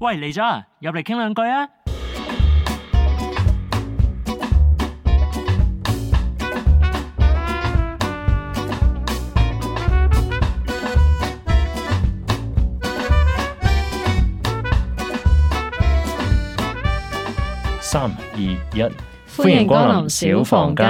喂，嚟咗啊，入嚟傾兩句啊！三、二、一。歡迎光臨小房間。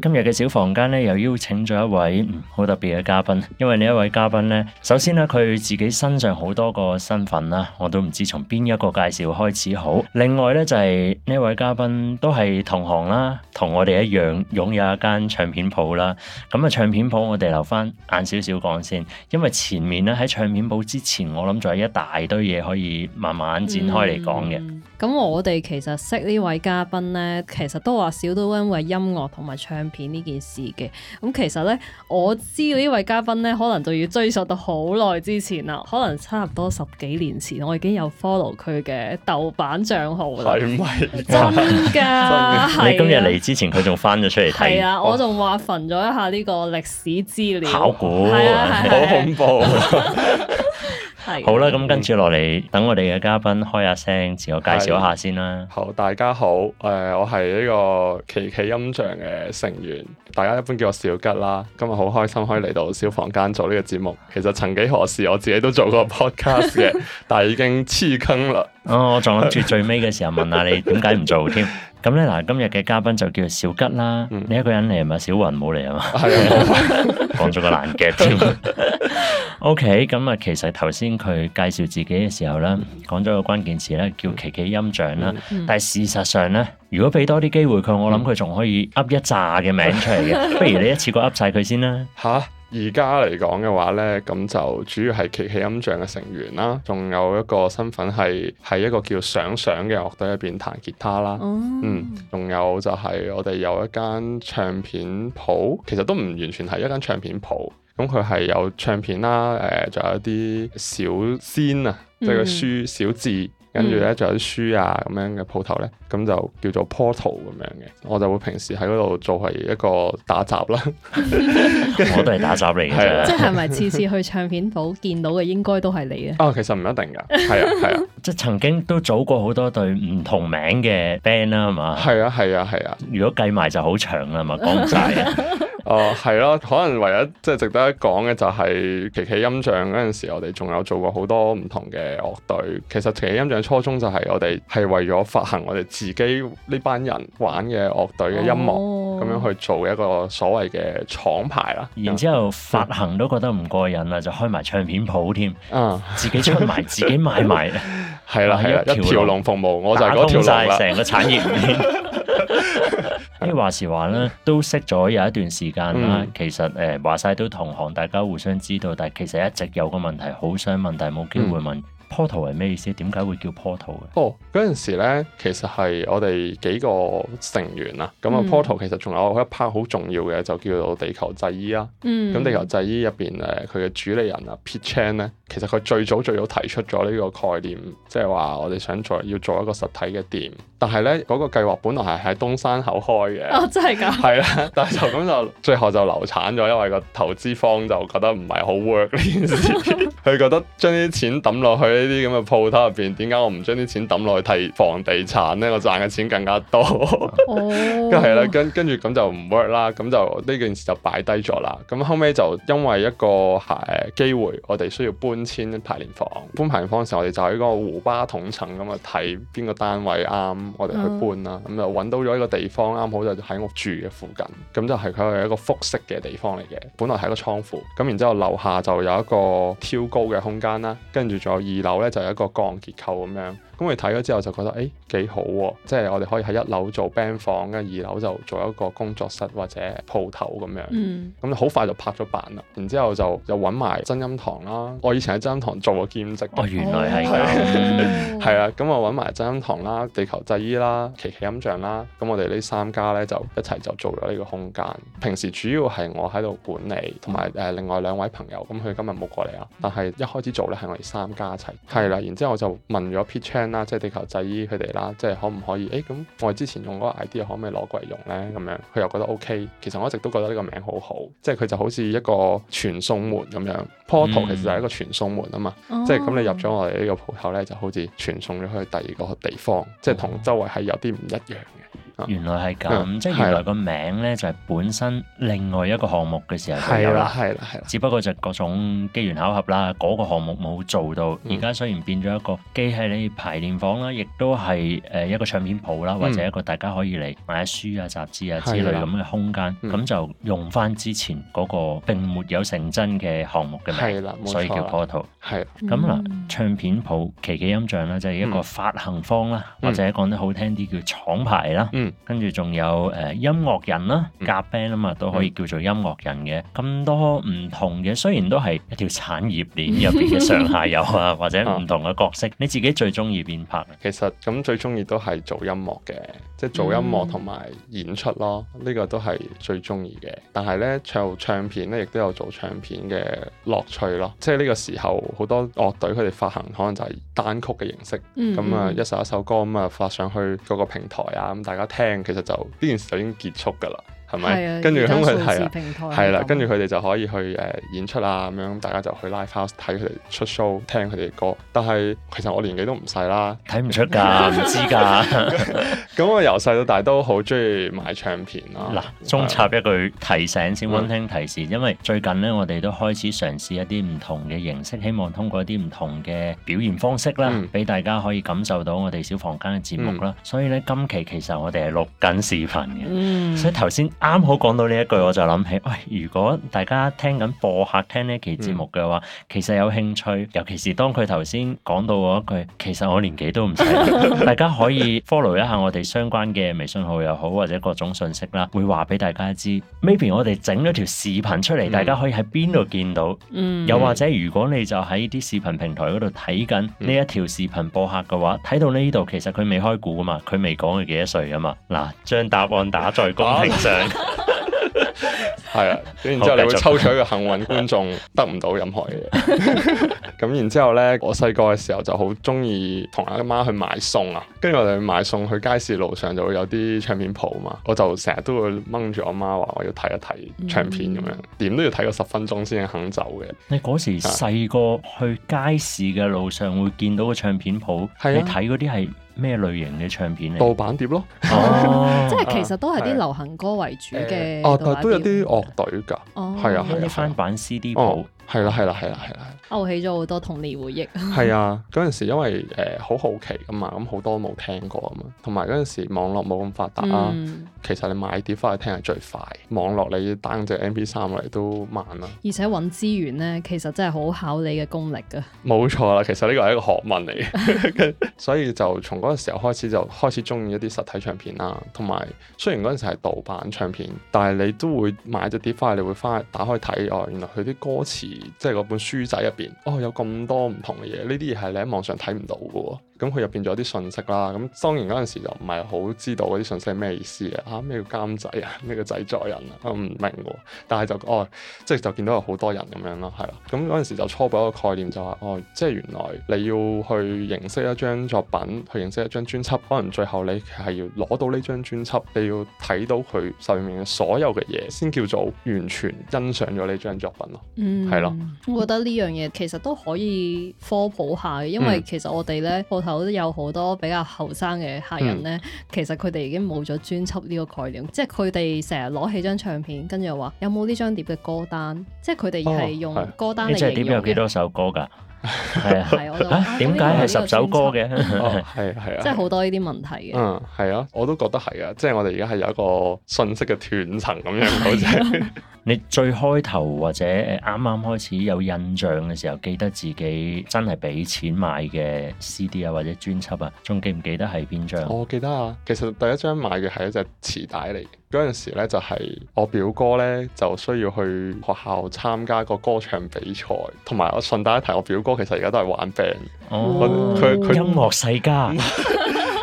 今日嘅小房間咧，又邀請咗一位好特別嘅嘉賓。因為呢一位嘉賓咧，首先咧佢自己身上好多個身份啦，我都唔知從邊一個介紹開始好。另外咧就係呢一位嘉賓都係同行啦，同我哋一樣擁有一間唱片鋪啦。咁啊，唱片鋪我哋留翻晏少少講先，因為前面咧喺唱片鋪之前，我諗仲有一大堆嘢可以慢慢展開嚟講嘅。嗯咁我哋其實識呢位嘉賓呢，其實都話少都因為音樂同埋唱片呢件事嘅。咁其實呢，我知呢位嘉賓呢，可能就要追溯到好耐之前啦，可能差唔多十幾年前，我已經有 follow 佢嘅豆瓣帳號啦的、 係咪？真㗎？啊、你今日嚟之前，佢仲翻咗出嚟睇。係啊，我仲話焚咗一下呢個歷史資料。考古，啊啊啊啊、好恐怖。 好啦，咁、嗯、跟住落嚟，等我哋嘅嘉賓開下聲，自我介紹一下先啦。好，大家好，誒、呃，我係呢個琪琪音像嘅成員，大家一般叫我小吉啦。今日好開心可以嚟到小房間做呢個節目。其實曾幾何時，我自己都做過 podcast 嘅， 但係已經黐坑啦。哦，我仲諗住最尾嘅時候問下你點解唔做添。咁咧嗱，今日嘅嘉賓就叫小吉啦。嗯、你一個人嚟係咪，小云冇嚟啊嘛？係，講咗個難夾添。O.K. 咁啊，其實頭先佢介紹自己嘅時候咧，嗯、講咗個關鍵詞呢叫琪琪音像啦。嗯、但事實上呢，如果俾多啲機會佢，我諗佢仲可以噏一紮嘅名出嚟嘅。 不如你一次過噏曬佢先啦。嚇！而家嚟講嘅話咧，咁就主要係琪琪音像嘅成員啦，仲有一個身份係喺一個叫想想嘅樂隊入邊彈吉他啦。哦、嗯，仲有就係我哋有一間唱片鋪，其實都唔完全係一間唱片鋪。佢係有唱片啦，誒、呃，仲有一啲小仙啊，即係、嗯、個書小字。跟住咧就有啲書啊咁樣嘅鋪頭咧，咁 就叫做 Portal 咁樣嘅，我就會平時喺嗰度做係一個打雜啦，我都係打雜嚟嘅。即係係咪次次去唱片鋪見到嘅應該都係你咧？ 哦，其實唔一定㗎，係啊係啊，即係曾經都組過好多隊唔同名嘅 band 啦，係 嘛樂？係啊係啊係啊，如果計埋就好長啦，嘛？講晒啊，哦係咯，可能唯一即係值得一講嘅就係琪琪音像陣時，我哋仲有做過好多唔同嘅樂隊，其實琪琪音像。初衷就係我哋係為咗發行我哋自己呢班人玩嘅樂隊嘅音樂，咁樣去做一個所謂嘅廠牌啦。然之後發行都覺得唔過癮啦，就開埋唱片鋪添，嗯，自己出埋，啊、自己賣埋，係啦係啦，一條龍服務，我就嗰條路啦，成個產業鏈、 哎。誒話時話啦，都識咗有一段時間啦。嗯、其實誒、呃、話晒，都同行，大家互相知道，但係其實一直有個問題，好想問，但係冇機會問。嗯 Portal 係咩意思？點解會叫 portal 嘅？哦，嗰陣時咧，其實係我哋幾個成員啊。咁啊，Portal 其實仲有一 part 好重要嘅，就叫做地球製衣啦。嗯。咁地球製衣入邊誒，佢嘅主理人啊，Pitchan 咧，其實佢最早最早提出咗呢個概念，即係話我哋想做要做一個實體嘅店。但係咧，嗰個計劃本來係喺東山口開嘅。哦，真係㗎。係啦， 但係就咁就最後就流產咗，因為個投資方就覺得唔係好 work 呢件事，佢覺得將啲錢抌落去。呢啲咁嘅鋪頭入邊，點解我唔將啲錢抌落去睇房地產咧？我賺嘅錢更加多，咁係啦，跟跟住咁就唔 work 啦，咁就呢件事就擺低咗啦。咁後尾就因為一個誒機會，我哋需要搬遷排練房，搬排練房嘅時候，我哋就喺個湖巴同層咁啊睇邊個單位啱，我哋去搬啦。咁就揾到咗一個地方啱好就喺我住嘅附近，咁就係佢係一個複式嘅地方嚟嘅，本來係個倉庫，咁然之後樓下就有一個挑高嘅空間啦，跟住仲有二樓。樓咧就有一個鋼結構咁樣。咁我睇咗之後就覺得誒、欸、幾好喎、啊，即係我哋可以喺一樓做 band 房，跟住二樓就做一個工作室或者鋪頭咁樣。嗯。咁好快就拍咗板啦，然之後就又揾埋真音堂啦。我以前喺真音堂做過兼職。哦，原來係。係啊。係 啊，咁我揾埋真音堂啦、地球製衣啦、琪琪音像啦，咁我哋呢三家咧就一齊就做咗呢個空間。平時主要係我喺度管理，同埋誒另外兩位朋友。咁佢今日冇過嚟啊，但係一開始做咧係我哋三家一齊。係啦，然之後我就問咗 p 即係地球製衣佢哋啦，即係可唔可以？誒咁，我之前用嗰個 idea 可唔可以攞過嚟用咧？咁樣佢又覺得 OK。其實我一直都覺得呢個名好好，即係佢就好似一個傳送門咁樣。Portal 其實就係一個傳送門啊嘛，嗯、即係咁你入咗我哋呢個鋪頭咧，就好似傳送咗去第二個地方，哦、即係同周圍係有啲唔一樣嘅。原來係咁，即係原來個名咧就係本身另外一個項目嘅時候就有啦，係啦，係啦，係啦，只不過就各種機緣巧合啦，嗰個項目冇做到。而家雖然變咗一個既係你排練房啦，亦都係誒一個唱片鋪啦，或者一個大家可以嚟買書啊、雜誌啊之類咁嘅空間。咁就用翻之前嗰個並沒有成真嘅項目嘅名，所以叫 Portal。係咁嗱，唱片鋪琪琪音像咧就係一個發行方啦，或者講得好聽啲叫廠牌啦。跟住仲有誒、啊、音樂人啦、啊，夾 band 啊嘛，都可以叫做音樂人嘅咁、嗯、多唔同嘅，雖然都係一條產業鏈入邊嘅上下游啊， 或者唔同嘅角色。啊、你自己最中意邊 part？其實咁最中意都係做音樂嘅，即、就、係、是、做音樂同埋演出咯，呢、這個都係最中意嘅。但係咧，唱唱片咧亦都有做唱片嘅樂趣咯。即係呢個時候好多樂隊佢哋發行可能就係單曲嘅形式，咁、嗯嗯、啊一首一首歌咁啊發上去嗰個平台啊，咁、嗯、大家聽。其實就呢件事就已經結束㗎啦。係咪？跟住佢哋就可以去誒演出啊咁樣，大家就去 live house 睇佢哋出 show，聽佢哋嘅歌。但係其實我年紀都唔細啦，睇唔出㗎，唔知㗎。咁我由細到大都好中意買唱片啦。嗱，中插一句提醒先，溫馨提示，因為最近呢，我哋都開始嘗試一啲唔同嘅形式，希望通過一啲唔同嘅表現方式啦，俾大家可以感受到我哋小房間嘅節目啦。所以呢，今期其實我哋係錄緊視頻嘅，所以頭先。啱好講到呢一句，我就諗起，喂，如果大家聽緊播客聽呢期節目嘅話，嗯、其實有興趣，尤其是當佢頭先講到一句，其實我年紀都唔細， 大家可以 follow 一下我哋相關嘅微信號又好，或者各種信息啦，會話俾大家知。maybe 我哋整咗條視頻出嚟，嗯、大家可以喺邊度見到？嗯、又或者如果你就喺啲視頻平台嗰度睇緊呢一條視頻播客嘅話，睇到呢度其實佢未開估噶嘛，佢未講佢幾多歲噶嘛。嗱，將答案打在公屏上。 係啊， 然之後你會抽取一個幸運觀眾， 得唔到任何嘢。咁 然之後咧，我細個嘅時候就好中意同阿媽去買餸啊。跟住我哋去買餸，去街市路上就會有啲唱片鋪嘛。我就成日都會掹住我媽話，我要睇一睇唱片咁樣，點、嗯、都要睇個十分鐘先肯走嘅。你嗰時細個吧去街市嘅路上會見到個唱片鋪，啊、你睇嗰啲係。咩類型嘅唱片嚟？盜版碟咯，啊、 即係其實都係啲流行歌為主嘅、啊。啊，但係都有啲樂隊㗎，係啊、哦，啊，翻版 CD 盤。係啦，係啦，係啦，係啦。勾起咗好多童年回憶。係啊，嗰陣、啊、時因為誒好、呃、好奇啊嘛，咁好多冇聽過啊嘛，同埋嗰陣時網絡冇咁發達啊，嗯、其實你買碟翻嚟聽係最快，網絡你打嗰隻 M P 三嚟都慢啦、啊。而且揾資源呢，其實真係好考你嘅功力噶。冇錯啦，其實呢個係一個學問嚟， 所以就從嗰陣時候開始就開始中意一啲實體唱片啦。同埋雖然嗰陣時係盜版唱片，但係你都會買咗碟翻嚟，你會翻打開睇哦，原來佢啲歌詞。即係嗰本書仔入邊，哦，有咁多唔同嘅嘢，呢啲嘢係你喺網上睇唔到嘅喎。咁佢入邊仲有啲信息啦，咁當然嗰陣時就唔係好知道嗰啲信息係咩意思嘅吓，咩叫監製啊，咩叫製作人啊，我唔明喎。但係就哦，即係就見到有好多人咁樣咯，係啦。咁嗰陣時就初步一個概念就話，哦，即係原來你要去認識一張作品，去認識一張專輯，可能最後你係要攞到呢張專輯，你要睇到佢上面嘅所有嘅嘢，先叫做完全欣賞咗呢張作品咯。嗯，係咯的。我、嗯、覺得呢樣嘢其實都可以科普下嘅，因為、嗯、其實我哋咧，有好多比較後生嘅客人咧，嗯、其實佢哋已經冇咗專輯呢個概念，嗯、即係佢哋成日攞起張唱片，跟住又話有冇呢張碟嘅歌單，哦、即係佢哋係用歌單嚟。呢張碟有幾多首歌㗎？係 啊，我點解係十首歌嘅？哦，係係啊，啊即係好多呢啲問題嘅。嗯，係啊，我都覺得係啊，即係我哋而家係有一個信息嘅斷層咁樣，好似。你最開頭或者啱啱開始有印象嘅時候，記得自己真係俾錢買嘅 CD 啊，或者專輯啊，仲記唔記得係邊張？我記得啊，其實第一張買嘅係一隻磁帶嚟。嗰陣時呢，就係我表哥呢就需要去學校參加個歌唱比賽，同埋我順帶一提，我表哥其實而家都係玩 band。哦，佢佢音樂世家。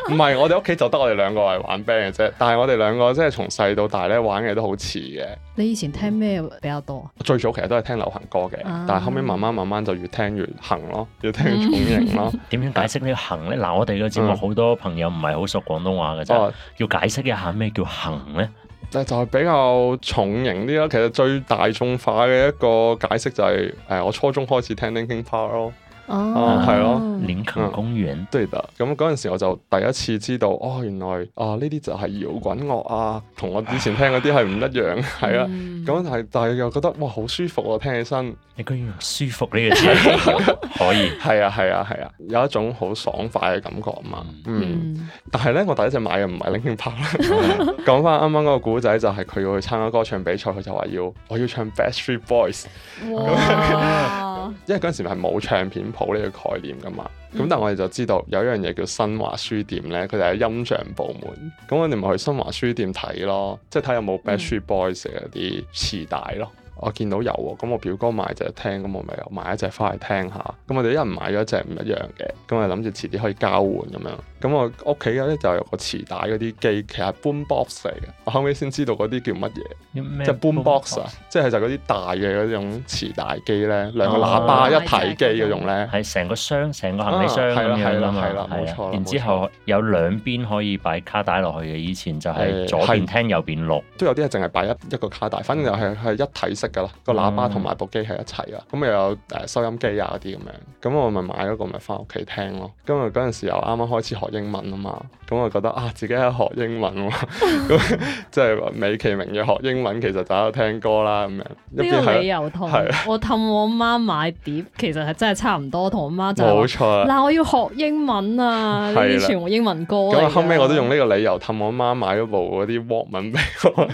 唔係， 我哋屋企就得我哋兩個係玩 band 嘅啫。但係我哋兩個即係從細到大咧玩嘅都好似嘅。你以前聽咩比較多？最早其實都係聽流行歌嘅，um、但係後尾慢慢慢慢就越聽越行咯，越聽越重型咯。點 樣解釋呢個行呢行咧？嗱，我哋個節目好多朋友唔係好熟廣東話嘅啫，uh, 要解釋一下咩叫行咧？就係比較重型啲咯。其實最大眾化嘅一個解釋就係、是、誒、欸，我初中開始聽 Linkin Park 咯。哦，係咯，林肯公園，對的。咁嗰陣時我就第一次知道，哦，原來啊呢啲就係搖滾樂啊，同我之前聽嗰啲係唔一樣，係啊。咁但係但係又覺得哇好舒服啊，聽起身。你居然用舒服呢個詞，可以。係啊係啊係啊，有一種好爽快嘅感覺啊嘛。嗯，但係呢，我第一隻買嘅唔係 Linkin Park。講翻啱啱嗰個古仔，就係佢要去參加歌唱比賽，佢就話要我要唱 Backstreet Boys。因為嗰陣時係冇唱片鋪呢個概念噶嘛，咁、嗯、但係我哋就知道有一樣嘢叫新華書店咧，佢哋喺音像部門，咁我哋咪去新華書店睇咯，即係睇有冇《Backstreet Boys》嗰啲磁帶咯。嗯、我見到有喎、啊，咁我表哥買隻聽，咁我咪又買一隻翻嚟聽下。咁我哋一人買咗一隻唔一樣嘅，咁我哋諗住遲啲可以交換咁樣。咁、嗯、我屋企咧就有個磁帶嗰啲機，其實係 boom box 嚟嘅。我後尾先知道嗰啲叫乜嘢，即係 boom box 啊，即係就嗰啲大嘅嗰種磁帶機咧，兩個喇叭、啊、一體機嗰種咧，係成個箱，成個行李箱咁樣啦。係啦、啊，係啦，冇錯。錯然之後有兩邊可以擺卡帶落去嘅，以前就係左邊聽右邊，右邊落。都有啲係淨係擺一一個卡帶，反正就係係一體式噶啦，個喇叭同埋部機喺一齊啊。咁、嗯嗯、又有誒收音機啊啲咁樣。咁、嗯、我咪買咗個咪返屋企聽咯。咁啊嗰陣時又啱啱開始學。英文啊嘛，咁我覺得啊，自己係學英文喎，咁即係美其名嘅學英文，其實就喺度聽歌啦咁樣。呢個理由同我氹我媽買碟，其實係真係差唔多，同我媽就。冇錯。嗱，我要學英文啊！以前全英文歌。咁後尾我都用呢個理由氹我媽買咗部嗰啲 Walkman 俾我。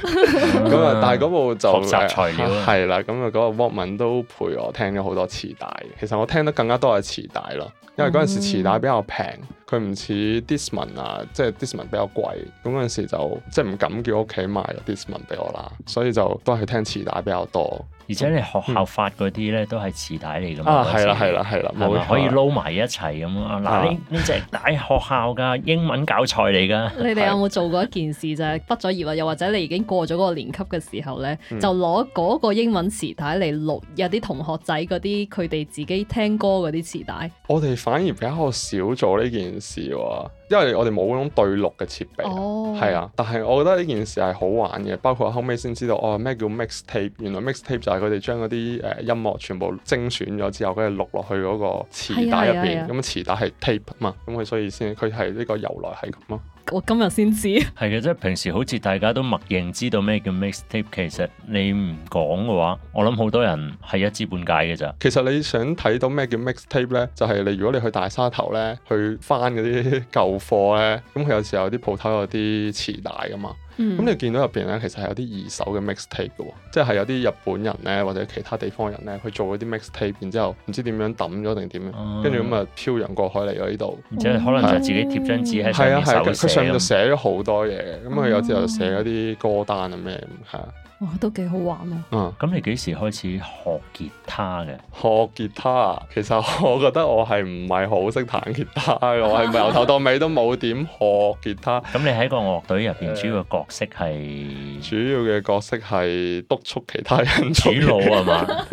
咁啊，但係嗰部就學習材料。係啦，咁啊嗰個 Walkman 都陪我聽咗好多磁帶。其實我聽得更加多係磁帶咯。因為嗰陣時磁帶比較平，佢唔似 Discman 啊，即係 Discman 比較貴，咁嗰時就即唔敢叫屋企買 Discman 俾我啦，所以就都係聽磁帶比較多。而且你學校發嗰啲咧都係磁帶嚟㗎嘛，係啦係啦係啦，咪可以撈埋一齊咁咯。嗱、啊，呢呢隻係學校嘅英文教材嚟㗎。 你哋有冇做過一件事就係畢咗業啊？又或者你已經過咗嗰個年級嘅時候咧，就攞嗰個英文磁帶嚟錄有啲同學仔嗰啲佢哋自己聽歌嗰啲磁帶？ 我哋反而比較少做呢件事喎。因為我哋冇嗰種對錄嘅設備，係、哦、啊，但係我覺得呢件事係好玩嘅。包括後尾先知道，哦，咩叫 mixtape，原來 mixtape 就係佢哋將嗰啲音樂全部精選咗之後，佢哋錄落去嗰個磁帶入面。咁啊，是啊是啊磁帶係 tape 嘛，咁佢所以先佢係呢個由來係咁咯。我今日先知 ，係嘅，即係平時好似大家都默認知道咩叫 mixtape，其實你唔講嘅話，我諗好多人係一知半解嘅咋。其實你想睇到咩叫 mixtape 呢？就係、是、你如果你去大沙頭咧，去翻嗰啲舊貨呢，咁佢有時候些有啲鋪頭有啲磁帶噶嘛。咁你見到入邊咧，其實係有啲二手嘅 mixtape 嘅，即係有啲日本人咧或者其他地方人咧去做嗰啲 mixtape，然之後唔知點樣抌咗定點樣，跟住咁啊漂洋過海嚟咗呢度，而且可能就自己貼張紙喺上面，係啊係，佢上面就寫咗好多嘢，咁佢有時候就寫嗰啲歌單啊咩咁，係啊。我都幾好玩咯！嗯，咁你幾時開始學吉他嘅？學吉他？其實我覺得我係唔係好識彈吉他，我係由頭到尾都冇點學吉他。咁 你喺個樂隊入邊主要角色係？ 主要嘅角色係督促其他人主腦係嘛。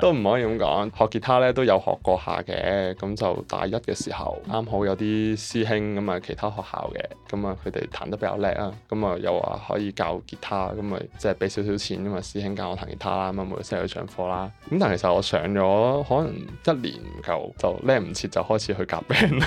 都唔可以咁講，學吉他咧都有學過下嘅，咁就大一嘅時候，啱好有啲師兄咁啊，其他學校嘅，咁啊佢哋彈得比較叻啊，咁啊又話可以教吉他，咁啊即係俾少少錢咁啊師兄教我彈吉他啦，咁啊每次去上課啦，咁但係其實我上咗可能一年唔夠，就叻唔切就開始去夾 band 啦，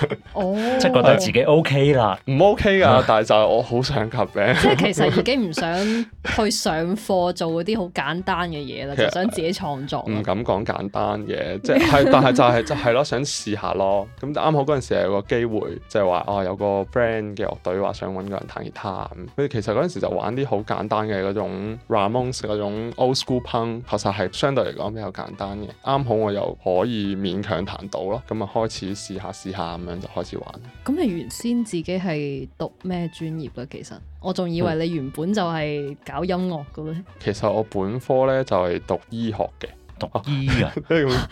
即係覺得自己 OK 啦，唔 OK 啊，但係就係我好想夾 band，哦、 即係其實已經唔想去上課做嗰啲好簡單嘅嘢啦， 實就想自己創作咁講簡單嘅，即係，但係就係、是、就係、是、咯、就是，想試下咯。咁啱好嗰陣時有個機會，即係話哦，有個 friend 嘅樂隊話想揾個人彈吉他。佢哋、嗯、其實嗰陣時就玩啲好簡單嘅嗰種 Ramones 嗰種 old school punk，其實係相對嚟講比較簡單嘅。啱好我又可以勉強彈到咯，咁啊開始試下試下咁樣就開始玩。咁你原先自己係讀咩專業咧？其實我仲以為你原本就係搞音樂嘅咧。嗯、其實我本科咧就係、是、讀醫學嘅。讀醫嘅，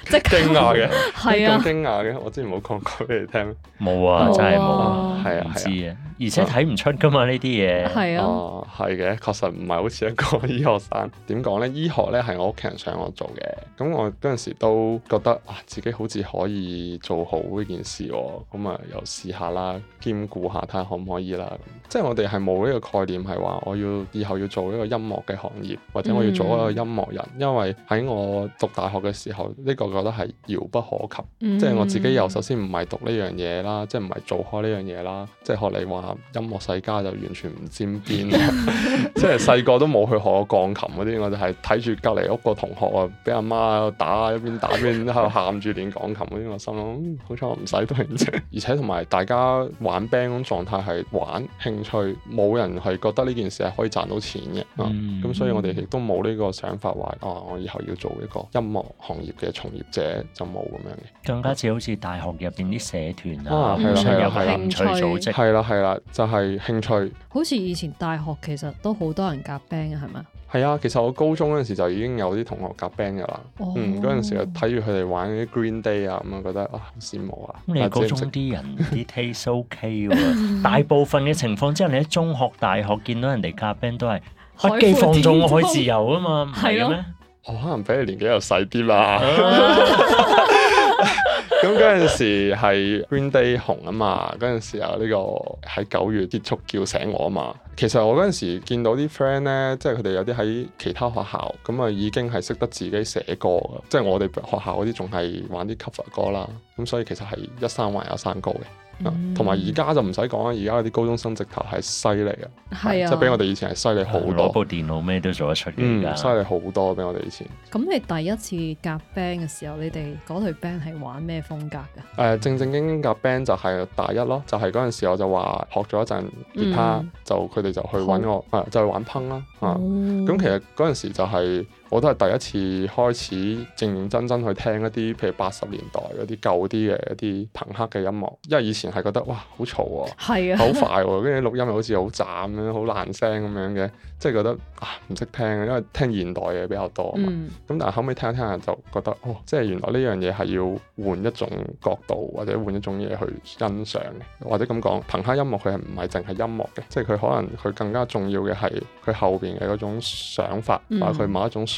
即驚訝嘅，係啊，驚訝嘅。我之前冇講過俾你聽，冇啊，真係冇啊，係啊，唔知啊。.而且睇唔出噶嘛呢啲嘢，係啊，係嘅，確實唔係好似一個醫學生。點講咧？醫學咧係我屋企人想我做嘅。咁我嗰陣時都覺得啊，自己好似可以做好呢件事，哦。咁啊，又試下啦，兼顧下睇下可唔可以啦。即係我哋係冇呢個概念係話我要以後要做一個音樂嘅行業或者我要做一個音樂人。嗯、因為喺我讀大學嘅時候，呢、這個覺得係遙不可及。嗯、即係我自己又首先唔係讀呢樣嘢啦，即係唔係做開呢樣嘢啦，即係學你話。音樂世家就完全唔沾邊，即係細個都冇去學過鋼琴嗰啲，我就係睇住隔離屋個同學啊，俾阿媽打，一邊打一邊喺度喊住練鋼琴嗰啲，我心諗、嗯、好彩我唔使對接，而且同埋大家玩 band 嗰種狀態係玩興趣，冇人係覺得呢件事係可以賺到錢嘅，咁所以我哋亦都冇呢個想法話，嗯、哦，啊！我以後要做一個音樂行業嘅從業者就冇咁樣嘅，更加似好似大學入邊啲社團啊，係啦，興趣組織，係、嗯、啦，係啦。就係興趣，好似以前大學其實都好多人夾 band 嘅係咪？係啊， 其實我高中嗰陣時就已經有啲同學夾 band 噶啦。哦哦嗯，嗰陣時就睇住佢哋玩啲 Green Day、嗯、啊，咁啊覺得啊好羨慕啊。你高中啲人啲 taste OK 大部分嘅情況之下，你喺中學、大學見到人哋夾 band 都係不羈放縱，我可以自由啊嘛，係咩？啊、我可能比你年紀又細啲啦。 咁嗰陣時係 Green Day 紅啊嘛，嗰陣時候呢個喺九月結束叫醒我啊嘛。其實我嗰陣時候見到啲 friend 呢，即係佢哋有啲喺其他學校，咁啊已經係識得自己寫歌嘅，即係我哋學校嗰啲仲係玩啲 cover 歌啦。咁所以其實係一山還有一山高嘅。同埋而家就唔使講啦，而家啲高中生直頭係犀利啊，即係比我哋以前係犀利好多。攞、嗯、部電腦咩都做得出嘅，犀利好多比我哋以前。咁、嗯、你第一次夾 band 嘅時候，你哋嗰隊 band 係玩咩風格噶？誒、呃、正正經經夾 band 就係大一咯，就係嗰陣時候我就話學咗一陣吉他，嗯、就佢哋就去揾我，誒好、呃、就去玩烹啦。咁、嗯啊、其實嗰陣時就係、是。我都係第一次開始認認真真去聽一啲譬如八十年代嗰啲舊啲嘅一啲朋克嘅音樂，因為以前係覺得哇好嘈啊，好的快喎、啊，跟住錄音又好似好斬咁樣，好爛聲咁樣嘅，即係覺得啊唔識聽，因為聽現代嘅比較多啊嘛。咁、嗯、但係後尾聽下聽下就覺得哦，即係原來呢樣嘢係要換一種角度或者換一種嘢去欣賞嘅，或者咁講朋克音樂佢係唔係淨係音樂嘅，即係佢可能佢更加重要嘅係佢後邊嘅嗰種想法，嗯、或者佢某一種。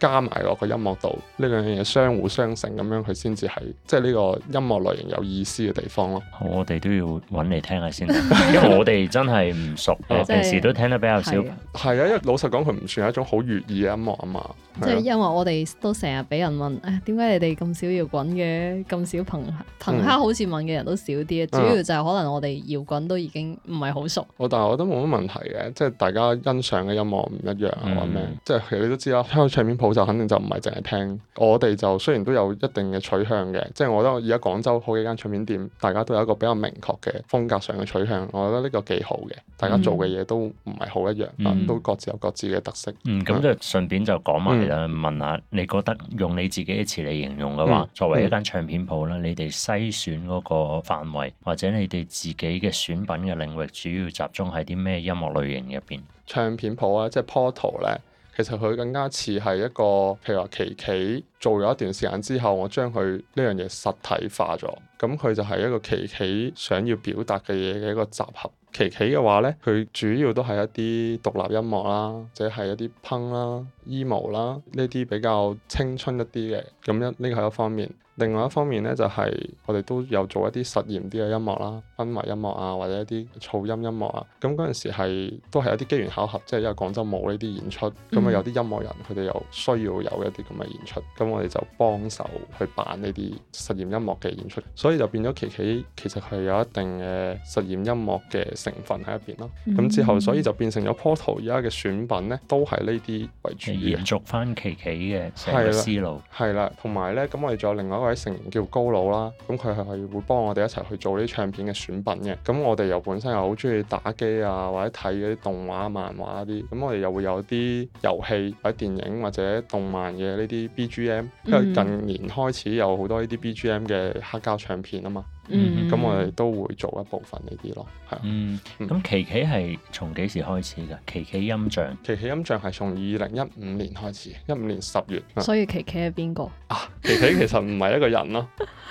加埋落個音樂度，呢兩樣嘢相互相成咁樣，佢先至係即係呢個音樂類型有意思嘅地方咯。我哋都要揾嚟聽下先，因為我哋真係唔熟，平時都聽得比較少。係啊，因為老實講，佢唔算係一種好悅耳嘅音樂啊嘛。即係因為我哋都成日俾人問，唉，點解你哋咁少搖滾嘅，咁少朋朋克好似問嘅人都少啲啊？主要就係可能我哋搖滾都已經唔係好熟。我但係我都冇乜問題嘅，即係大家欣賞嘅音樂唔一樣或者咩，即係其實你都知啦，香個唱片鋪。我就肯定就唔係淨係聽，我哋就雖然都有一定嘅取向嘅，即係我覺得而家廣州好幾間唱片店，大家都有一個比較明確嘅風格上嘅取向，我覺得呢個幾好嘅。大家做嘅嘢都唔係好一樣啊，但都各自有各自嘅特色。咁就順便就講埋啦，嗯、問下你覺得用你自己嘅詞嚟形容嘅話，嗯、作為一間唱片鋪啦，嗯、你哋篩選嗰個範圍或者你哋自己嘅選品嘅領域，主要集中喺啲咩音樂類型入邊？唱片鋪啊，即係 Portal 咧。其實佢更加似係一個，譬如話琪琪，做咗一段時間之後，我將佢呢樣嘢實體化咗，咁佢就係一個琪琪想要表達嘅嘢嘅一個集合。琪琪嘅話呢，佢主要都係一啲獨立音樂啦，或者係一啲 Punk 啦、emo 啦呢啲比較青春一啲嘅。咁呢個係一方面，另外一方面呢，就係、是、我哋都有做一啲實驗啲嘅音樂啦，氛圍音樂啊，或者一啲噪音音樂啊。咁嗰陣時係都係一啲機緣巧合，即、就、係、是、因為廣州冇呢啲演出，咁啊有啲音樂人佢哋又需要有一啲咁嘅演出我哋就幫手去辦呢啲實驗音樂嘅演出，所以就變咗琪琪其實係有一定嘅實驗音樂嘅成分喺入邊咯。咁、嗯、之後，所以就變成咗 Portal 而家嘅選品咧，都係呢啲為主。延續翻琪琪嘅成個思路，係啦，同埋咧，咁我哋仲有另外一位成員叫高佬啦。咁佢係係會幫我哋一齊去做呢啲唱片嘅選品嘅。咁我哋又本身又好中意打機啊，或者睇嗰啲動畫、漫畫啲。咁我哋又會有啲遊戲、睇電影或者動漫嘅呢啲 BGM。因為近年開始有好多呢啲 BGM 嘅黑膠唱片啊嘛，嗯哼，咁我哋都會做一部分呢啲咯。嗯，咁琪琪係從幾時開始嘅？琪琪音像，琪琪音像係從二零一五年開始，一五年十月。所以琪琪係邊個啊？琪琪其實唔係一個人咯，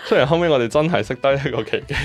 雖然後尾我哋真係識得一個琪琪，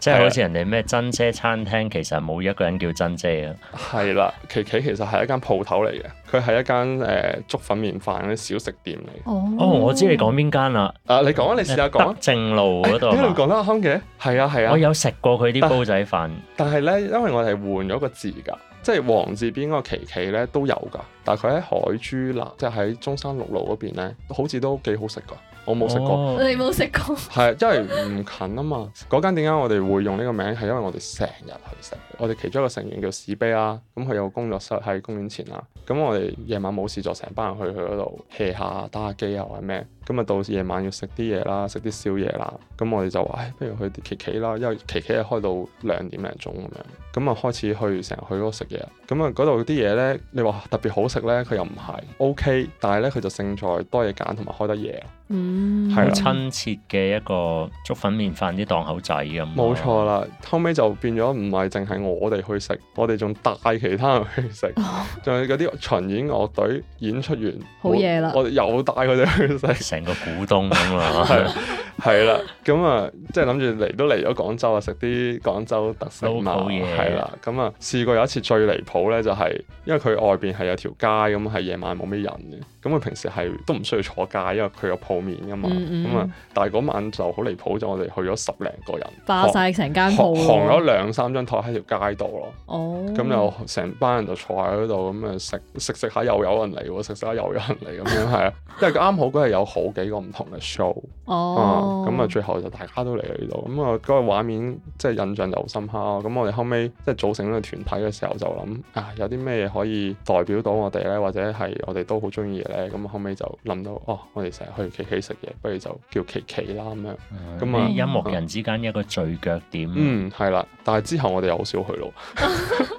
即係好似人哋咩真姐餐廳，其實冇一個人叫真姐啊。係啦，琪琪其實係一間鋪頭嚟嘅，佢係一間誒粥粉麵飯啲小食店嚟。哦，我知你講邊間啦。啊，你講啊，你試下講啊。德政路嗰度。你講得阿康嘅。係啊係啊，我有食過佢啲煲仔飯。但係咧，因為我哋係換咗個字噶，即係黃字邊嗰個琪琪咧都有噶，但係佢喺海珠南，即係喺中山六路嗰邊咧，好似都幾好食噶，我冇食過，我哋冇食過，係，因為唔近啊嘛，嗰間，點解我哋會用呢個名，係因為我哋成日去食。我哋其中一個成員叫史碑啦、啊，咁佢有個工作室喺公園前啦、啊，咁我哋夜晚冇事就成班人去佢嗰度歇下、打下機又係咩，咁啊到夜晚要食啲嘢啦，食啲宵夜啦，咁我哋就話，唉、哎，不如去啲琪琪啦，因為琪琪係開到兩點零鐘咁樣，咁啊開始去成日去嗰度食嘢，咁啊嗰度啲嘢咧，你話特別好食咧，佢又唔係 OK，但係咧佢就勝在多嘢揀同埋開得夜，嗯，係、啊、親切嘅一個粥粉麵飯啲檔口仔咁。冇錯啦，後尾就變咗唔係淨係我。我哋去食，我哋仲帶其他人去食，仲 有啲巡演樂隊演出完好夜啦，我哋又帶佢哋去食，成個股東咁啦，係啦，咁、嗯、啊，即係諗住嚟都嚟咗廣州啊，食啲廣州特色，嘢係啦，咁、嗯、啊，試過有一次最離譜咧，就係因為佢外邊係有條街咁，係夜晚冇咩人嘅。咁佢平時係都唔需要坐街，因為佢有鋪面噶嘛。咁啊、嗯嗯，但係嗰晚就好離譜，就我哋去咗十零個人，霸晒成間鋪，行咗兩三張台喺條街度咯。哦，咁又成班人就坐喺嗰度，咁啊食食食下又有人嚟，食食下又有人嚟，咁樣係啊。因為啱好嗰日有好幾個唔同嘅 show。哦，咁啊，最後就大家都嚟喺呢度，咁啊嗰個畫面即係、就是、印象就好深刻。咁我哋後尾即係組成呢個團體嘅時候就，就諗啊，有啲咩可以代表到我哋咧，或者係我哋都好中意。咁後尾就諗到，哦，我哋成日去琪琪食嘢，不如就叫琪琪啦咁樣。咁啊，音樂人之間一個聚腳點。嗯，係啦，但係之後我哋又好少去咯。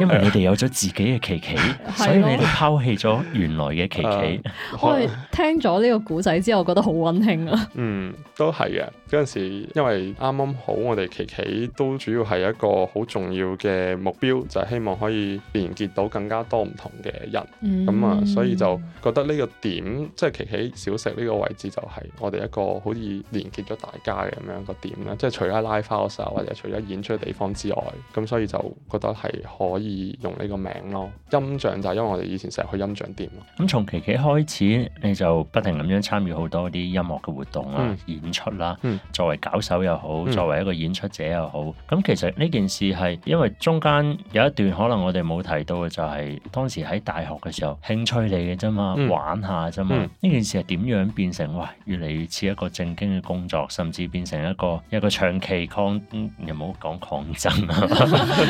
因為你哋有咗自己嘅琪琪，uh, 所以你哋拋棄咗原來嘅琪琪。Uh, 我係聽咗呢個故仔之後，覺得好溫馨啊。嗯，都係嘅。嗰陣時因為啱啱好，我哋琪琪都主要係一個好重要嘅目標，就係、是、希望可以連結到更加多唔同嘅人。咁啊、mm hmm.，所以就覺得呢個點，即係琪琪小食呢個位置就個個，就係我哋一個可以連結咗大家嘅咁樣個點啦。即係除咗 live house，或者除咗演出嘅地方之外，咁、mm hmm. 所以就覺得係。可以用呢個名咯，音像就係因為我哋以前成日去音像店。咁、嗯嗯、從琪琪開始，你就不停咁樣參與好多啲音樂嘅活動啦、啊、嗯、演出啦、啊。嗯、作為搞手又好，嗯、作為一個演出者又好。咁其實呢件事係因為中間有一段可能我哋冇提到嘅就係、是、當時喺大學嘅時候興趣嚟嘅啫嘛，嗯、玩下啫嘛。呢、嗯嗯、件事係點樣變成哇越嚟越似一個正經嘅工作，甚至變成一個一個長期抗、嗯、又唔好講抗爭啊，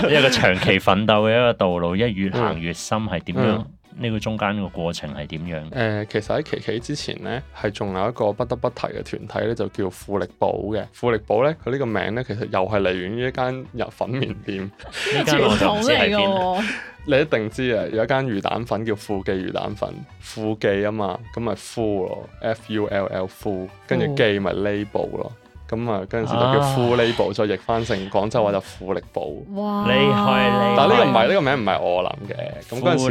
一個長期奮鬥嘅一個道路，一越行越深係點、嗯、樣？呢、嗯、個中間個過程係點樣？誒、呃，其實喺琪琪之前呢，係仲有一個不得不提嘅團體呢，就叫富力寶嘅。富力寶呢，佢呢個名呢，其實又係嚟源於一間日粉麵店。呢間我就唔知喺邊， 嗯、你一定知啊！有一間魚蛋粉叫富記魚蛋粉，富記啊嘛，咁咪 full 咯，F, ull, f U L L full，跟住記咪 label 咯。咁啊，嗰、嗯、時就叫 Full Label、啊、就富力寶，再譯翻成廣州話就富力寶。哇！厲害厲害。但係呢個唔係呢個名唔係我諗嘅。咁嗰陣時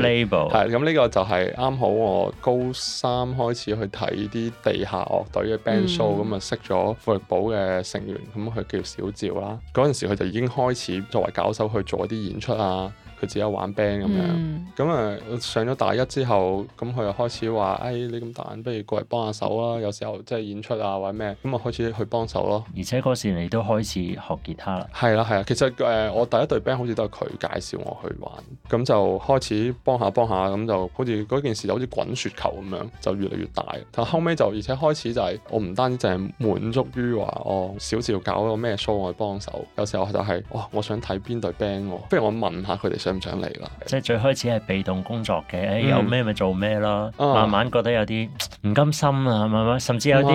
係呢個就係啱好我高三開始去睇啲地下樂隊嘅 band show，咁啊、嗯、識咗富力寶嘅成員，咁佢叫小趙啦。嗰陣時佢就已經開始作為搞手去做一啲演出啊。佢自己有玩 band 咁樣，咁啊、嗯嗯、上咗大一之後，咁佢又開始話，誒你咁大，不如過嚟幫下手啦！有時候即係演出啊或者咩，咁啊開始去幫手咯。而且嗰時你都開始學吉他啦。係啦係啊，其實誒、呃、我第一隊 band 好似都係佢介紹我去玩，咁就開始幫下幫下，咁就好似嗰件事就好似滾雪球咁樣，就越嚟越大。但後尾就而且開始就係、是、我唔單止淨係滿足於話，嗯、我小要搞個咩 show 我去幫手，有時候就係、是、哇、哦、我想睇邊隊 band，不、哦、如我問下佢哋想。咁想嚟咯，即係最開始係被動工作嘅，有咩咪做咩咯。慢慢覺得有啲唔甘心啊，慢慢甚至有啲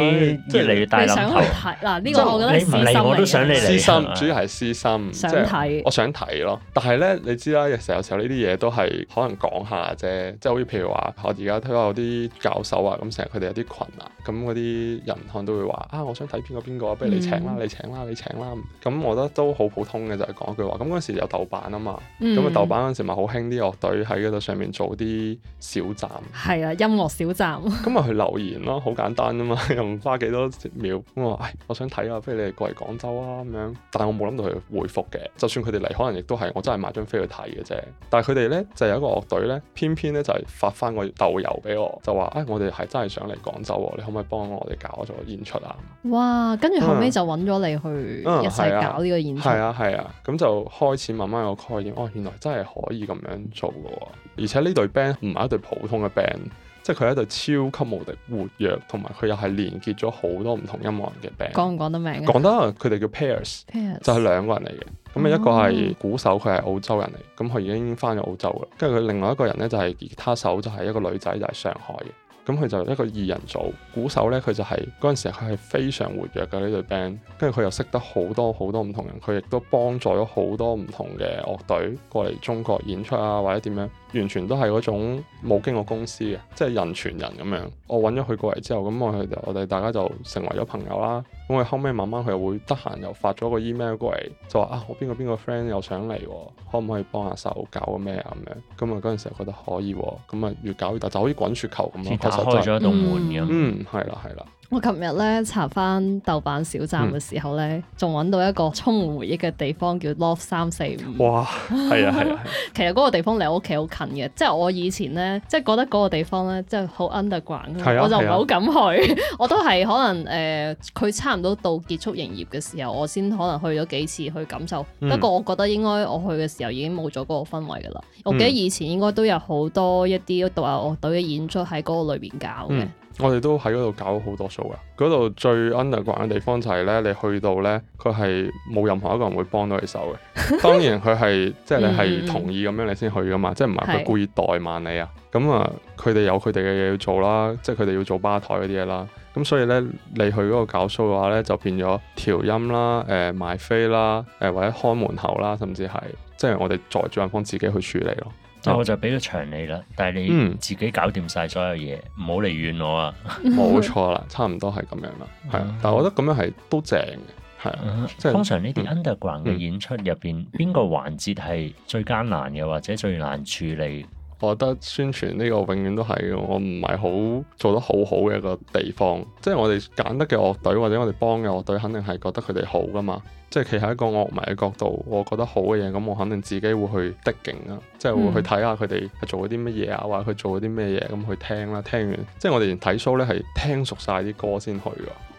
越嚟越大諗頭想去嗱，呢個我覺得你唔理，我都想你嚟，私心嚟，私心主要係私心想睇，我想睇咯。但係咧，你知啦，有時候呢啲嘢都係可能講下啫，即係好似譬如話我而家睇到有啲教授啊，咁成日佢哋有啲群啊，咁嗰啲人可能都會話啊，我想睇邊個邊個，不如你請啦，你請啦，你請啦。咁我覺得都好普通嘅就係講句話，咁嗰時有豆瓣啊嘛，咁嗰陣時咪好興啲樂隊喺嗰度上面做啲小站，係啊，音樂小站。咁咪去留言咯，好簡單吖嘛，又唔花幾多秒。我話，唉、哎，我想睇下，不如你哋過嚟廣州啊，咁樣。但係我冇諗到佢回覆嘅，就算佢哋嚟，可能亦都係我真係買張飛去睇嘅啫。但係佢哋咧就有一個樂隊咧，偏偏咧就係發返個豆油俾我，就話，唉、哎，我哋係真係想嚟廣州喎，你可唔可以幫我哋搞咗演出啊？哇！跟住後尾就揾咗你去一齊搞呢、嗯嗯、個演出。係啊係啊，咁就開始慢慢有概念。哦，原來真係～係可以咁樣做噶，而且呢對 band 唔係一對普通嘅 band，即係佢係一對超級無敵活躍，同埋佢又係連結咗好多唔同音樂人嘅 band。a 講唔講得明？講得，佢哋叫 pairs，Pairs，就係兩個人嚟嘅。咁啊，一個係鼓手，佢係澳洲人嚟，咁佢已經翻咗澳洲啦。跟住佢另外一個人咧就係、是、吉他手，就係、是、一個女仔，就係、是、上海嘅。咁佢就一個二人組，鼓手咧佢就係嗰陣時佢係非常活躍嘅呢隊 band，跟住佢又識得好多好多唔同人，佢亦都幫助咗好多唔同嘅樂隊過嚟中國演出啊或者點樣。完全都係嗰種冇經過公司嘅，即係人傳人咁樣。我揾咗佢過嚟之後，咁我佢哋大家就成為咗朋友啦。咁佢後屘慢慢佢又會得閒又發咗個 email 過嚟，就話啊，我邊個邊個 friend 又想嚟、哦，可唔可以幫下手搞個咩啊咁樣？咁啊嗰陣時候覺得可以、哦，咁啊越搞越大，就好似滾雪球咁咯、啊。開咗一道門咁、嗯。嗯，係啦，係啦。我琴日咧查翻豆瓣小站嘅時候咧，仲揾、嗯、到一個充滿回憶嘅地方叫 Love 三四五。哇，係啊係啊！啊 其實嗰個地方離我屋企好近嘅，即、就、係、是、我以前咧，即、就、係、是、覺得嗰個地方咧，即係好 underground，我就唔係好敢去。啊、 我都係可能誒，佢、呃、差唔多到結束營業嘅時候，我先可能去咗幾次去感受。不過、嗯、我覺得應該我去嘅時候已經冇咗嗰個氛圍噶啦。我記得以前應該都有好多一啲獨立樂隊嘅演出喺嗰個裏面搞嘅。嗯我哋都喺嗰度搞好多 show 噶，嗰度最 underground 嘅地方就係咧，你去到咧，佢係冇任何一個人會幫到你手嘅。當然佢係即係你係同意咁樣你先去噶嘛， 即係唔係佢故意怠慢你啊？咁啊是，佢哋有佢哋嘅嘢要做啦，即係佢哋要做吧台嗰啲嘢啦。咁所以咧，你去嗰個搞 show 嘅話咧，就變咗調音啦、誒賣飛啦、誒、呃、或者看門口啦，甚至係即係我哋主辦方自己去處理咯。哦、我就俾個場你啦，但係你自己搞掂晒所有嘢，唔好離遠我啊！冇 錯啦，差唔多係咁樣啦，係啊。但係我覺得咁樣係都正嘅，係啊。嗯、即通常呢啲 underground 嘅演出入邊，邊、嗯、個環節係最艱難嘅，或者最難處理？嗯嗯、我覺得宣傳呢個永遠都係我唔係好做得好好嘅一個地方。即、就、係、是、我哋揀得嘅樂隊，或者我哋幫嘅樂隊，肯定係覺得佢哋好噶嘛。即係企喺一個樂迷嘅角度，我覺得好嘅嘢，咁我肯定自己會去盯緊啊！即係會去睇下佢哋係做咗啲乜嘢啊，或者佢做咗啲咩嘢咁去聽啦。聽完，即係我哋連睇 show 咧，係聽熟晒啲歌先去㗎。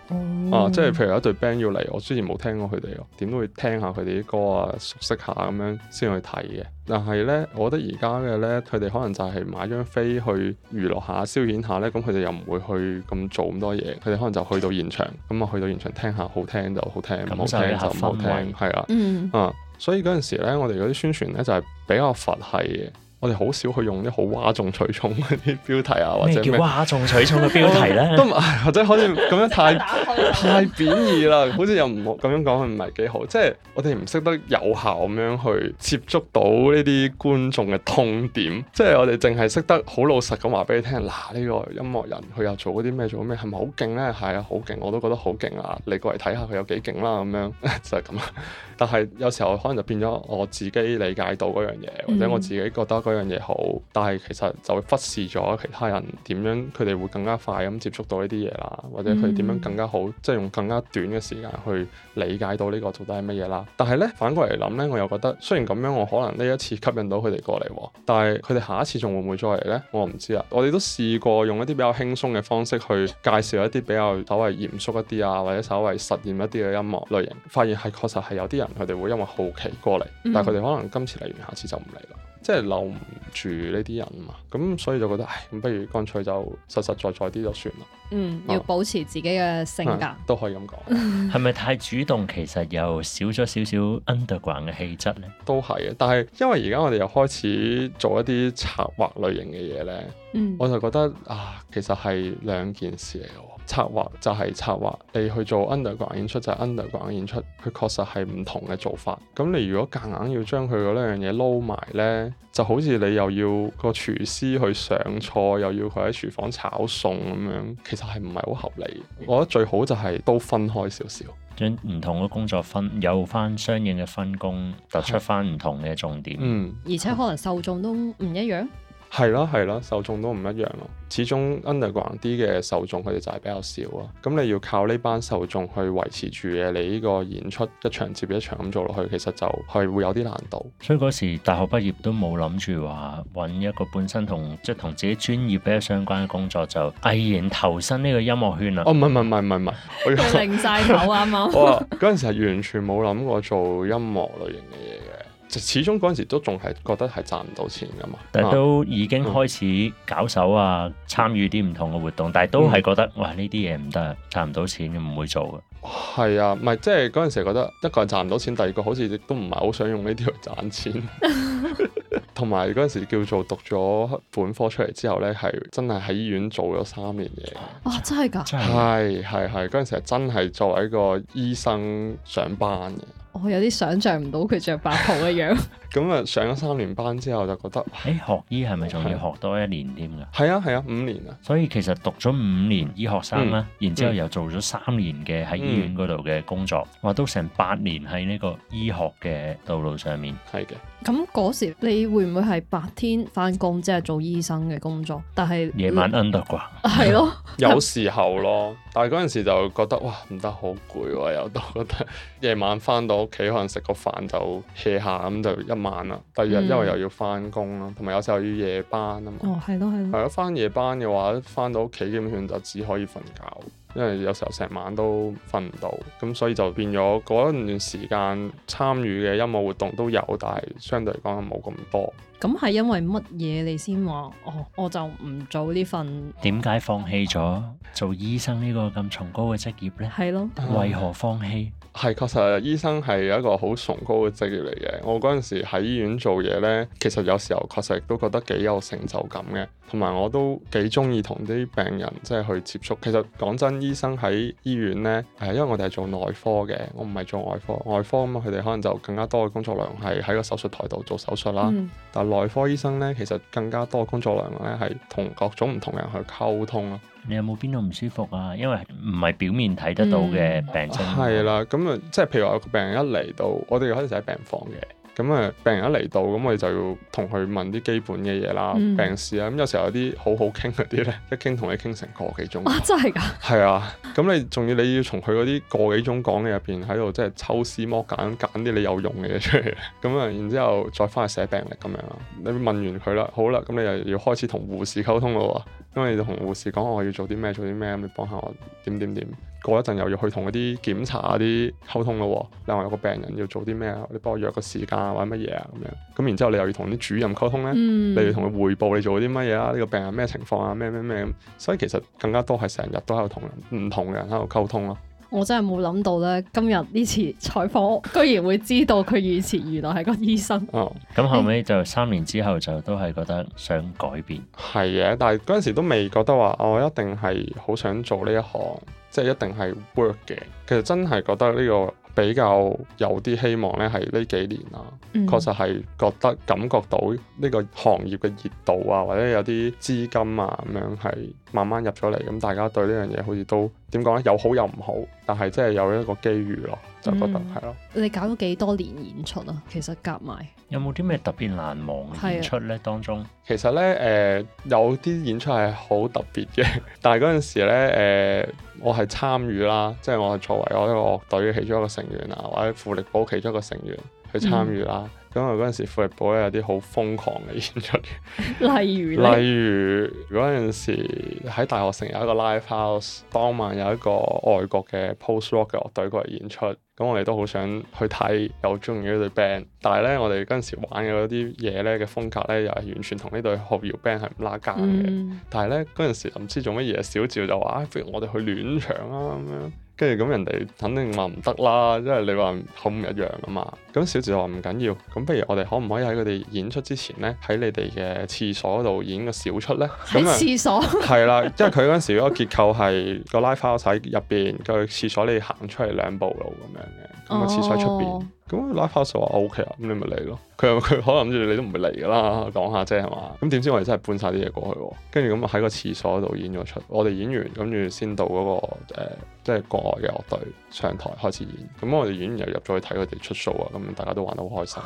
啊，即係譬如有一對 band 要嚟，我雖然冇聽過佢哋，點都會聽下佢哋啲歌啊，熟悉下咁樣先去睇嘅。但係呢，我覺得而家嘅呢，佢哋可能就係買張飛去娛樂下、消遣下呢。咁佢哋又唔會去咁做咁多嘢，佢哋可能就去到現場，咁啊去到現場聽下好聽就好聽，嗯、唔好聽就唔好聽，係啦、啊，嗯，啊，所以嗰陣時呢，我哋嗰啲宣傳呢，就係、是、比較佛系嘅。我哋好少去用啲好嘩眾取寵嗰啲標題啊，或者咩叫嘩眾取寵嘅標題咧、 嗯？都唔，或者好似咁樣太 太貶義啦， 好似又唔好咁樣講，唔係幾好。即係我哋唔識得有效咁樣去接觸到呢啲觀眾嘅痛點。即係我哋淨係識得好老實咁話俾你聽，嗱、啊、呢、這個音樂人佢又做嗰啲咩做咩，係咪好勁咧？係啊，好勁，我都覺得好勁啊！你過嚟睇下佢有幾勁啦，咁樣就係、是、咁。但係有時候可能就變咗我自己理解到嗰樣嘢，或者我自己覺得、嗯。嗰樣嘢好，但係其實就會忽視咗其他人點樣，佢哋會更加快咁接觸到呢啲嘢啦，或者佢點樣更加好，即係、嗯、用更加短嘅時間去理解到呢個到底係乜嘢啦。但係呢，反過嚟諗呢，我又覺得雖然咁樣，我可能呢一次吸引到佢哋過嚟，但係佢哋下一次仲會唔會再嚟呢？我唔知啊。我哋都試過用一啲比較輕鬆嘅方式去介紹一啲比較稍微嚴肅一啲啊，或者稍微實驗一啲嘅音樂類型，發現係確實係有啲人佢哋會因為好奇過嚟，但係佢哋可能今次嚟完，下次就唔嚟啦。嗯嗯即係留唔住呢啲人嘛，咁所以就覺得，唉，咁不如乾脆就實實在在啲就算啦。嗯，要保持自己嘅性格，啊嗯，都可以咁講。係咪 太主動，其實又少咗少少 underground 嘅氣質咧？都係嘅，但係因為而家我哋又開始做一啲策劃類型嘅嘢咧。嗯，我就覺得啊，其實係兩件事嚟嘅喎，策劃就係策劃，你去做 underground 演出就係 underground 演出，佢確實係唔同嘅做法。咁你如果夾硬要將佢嗰兩樣嘢撈埋咧，就好似你又要個廚師去上菜，又要佢喺廚房炒餸咁樣，其實係唔係好合理？我覺得最好就係都分開少少，將唔同嘅工作分，有返相應嘅分工，突 出返唔同嘅重點。嗯，而且可能受眾都唔一樣。係咯係咯，受眾都唔一樣咯。始終 underground 啲嘅受眾佢哋就係比較少咯。咁你要靠呢班受眾去維持住嘅你呢個演出一場接一場咁做落去，其實就係會有啲難度。所以嗰時大學畢業都冇諗住話揾一個本身同即係同自己專業比較相關嘅工作，就毅然投身呢個音樂圈啊！哦唔係唔係唔係唔係唔係， 我擰曬頭啊嘛！ 我嗰陣時係完全冇諗過做音樂類型嘅嘢。就始終嗰陣時都仲係覺得係賺唔到錢㗎嘛，但係都已經開始搞手啊，參與啲唔同嘅活動，但係都係覺得、嗯、哇呢啲嘢唔得呀，賺唔到錢，咁唔會做嘅。係啊，唔係即係嗰陣時覺得一個人賺唔到錢，第二個好似亦都唔係好想用呢啲去賺錢，同埋嗰陣時叫做讀咗本科出嚟之後呢，係真係喺醫院做咗三年嘢。哇、啊，真係噶，係係係，嗰陣時真係作為一個醫生上班嘅。我有啲想象唔到佢着白袍嘅樣。 咁啊，就上咗三年班之後就覺得，誒、欸、學醫係咪仲要學多一年添㗎？係啊係啊，五年啊。所以其實讀咗五年醫學生啦，嗯、然之後又做咗三年嘅喺醫院嗰度嘅工作，話、嗯、都成八年喺呢個醫學嘅道路上面。係嘅。咁嗰時你會唔會係白天翻工即係做醫生嘅工作？但係夜晚 under 啩？係咯，有時候咯，但係嗰陣時就覺得哇唔得好攰喎，又都、啊、覺得夜晚翻到屋企可能食個飯就歇下咁就一慢啦，第二日因為又要翻工啦，同埋、嗯、有時候要夜班啊嘛。哦，係咯，係咯。係咯，翻夜班嘅話，翻到屋企基本上就只可以瞓覺，因為有時候成晚都瞓唔到，咁所以就變咗嗰段時間參與嘅音樂活動都有，但係相對嚟講冇咁多。咁係因為乜嘢你先話哦？我就唔做呢份。點解放棄咗做醫生呢個咁崇高嘅職業咧？係咯的。嗯、為何放棄？係確實，醫生係一個好崇高嘅職業嚟嘅。我嗰陣時喺醫院做嘢咧，其實有時候確實都覺得幾有成就感嘅。同埋我都幾鍾意同啲病人即係、就是、去接觸。其實講真，醫生喺醫院咧，誒，因為我哋係做內科嘅，我唔係做外科。外科咁啊，佢哋可能就更加多嘅工作量係喺個手術台度做手術啦。嗯、但係內科醫生咧，其實更加多嘅工作量咧係同各種唔同的人去溝通。你有冇邊度唔舒服啊？因為唔係表面睇得到嘅病、嗯、病症。係啦，咁啊，即係譬如話有個病人一嚟到，我哋開始就喺病房嘅。咁啊，病人一嚟到，咁我哋就要同佢問啲基本嘅嘢啦，嗯、病史啊，咁有時候有啲好好傾嗰啲咧，一傾同你傾成個幾鐘。啊，真係噶？係啊，咁你仲要你要從佢嗰啲個幾鐘講嘅入邊喺度，即係抽絲剝繭，揀啲你有用嘅嘢出嚟。咁 啊，然之後再翻去寫病歷咁樣啦。你問完佢啦，好啦，咁你又要開始同護士溝通啦。因為你同護士講，我要做啲咩，做啲咩咁，你幫下我點點點。過一陣又要去同嗰啲檢查嗰啲溝通咯、哦。另外有個病人要做啲咩啊？你幫我約個時間或者乜嘢啊咁樣。咁然之後你又要同啲主任溝通咧，嗯、你要同佢彙報你做啲乜嘢啊？呢、這個病人咩情況啊？咩咩咩咁。所以其實更加多係成日都喺度同唔同嘅人喺度溝通咯。我真係冇諗到咧，今日呢次採訪，居然會知道佢以前原來係個醫生。哦，咁 後尾就三年之後就都係覺得想改變。係嘅、嗯，但係嗰陣時都未覺得話，我、哦、一定係好想做呢一行，即、就、係、是、一定係 work 嘅。其實真係覺得呢、呢個。比較有啲希望咧，係呢幾年啦，嗯、確實係覺得感覺到呢個行業嘅熱度啊，或者有啲資金啊咁樣係慢慢入咗嚟，咁大家對呢樣嘢好似都點講呢？有好有唔好，但係真係有一個機遇咯。就覺得係咯。你搞咗幾多年演出啊？其實夾埋有冇啲咩特別難忘嘅演出咧？的當中其實咧誒、呃、有啲演出係好特別嘅，但係嗰陣時咧誒、呃、我係參與啦，即係我係作為我一個樂隊嘅其中一個成員啊，或者富力寶其中一個成員去參與啦。嗯。因為嗰陣時富力堡有啲好瘋狂嘅演出， 例如呢例如嗰陣時喺大學城有一個 live house，當晚有一個外國嘅 post rock 嘅樂隊過嚟演出，咁我哋都好想去睇，又鍾意呢隊 band。但係咧，我哋嗰陣時玩嘅嗰啲嘢咧嘅風格咧，又係完全同、嗯、呢隊後搖 band 係唔拉更嘅。但係咧嗰陣時又唔知做乜嘢，小趙就話：不、啊、如我哋去暖場啊咁樣。跟住咁人哋肯定話唔得啦，因為你話好唔一樣啊嘛。咁小吉話唔緊要，咁不如我哋可唔可以喺佢哋演出之前咧，喺你哋嘅廁所嗰度演個小出呢？喺廁所。係啦， 因為佢嗰陣時嗰個結構係個 live house 喺入邊，個廁所你行出嚟兩步路咁樣嘅，咁、個廁所出邊。Oh. 咁 livehouse 話 OK 啊，咁你咪嚟咯。佢佢可能諗住你都唔會嚟噶啦，講下啫係嘛。咁點知我哋真係搬晒啲嘢過去，跟住咁啊喺個廁所度演咗出。我哋演完，跟住先到嗰個誒，即係國外嘅樂隊上台開始演。咁我哋演完又入咗去睇佢哋出數啊。咁大家都玩得好開心。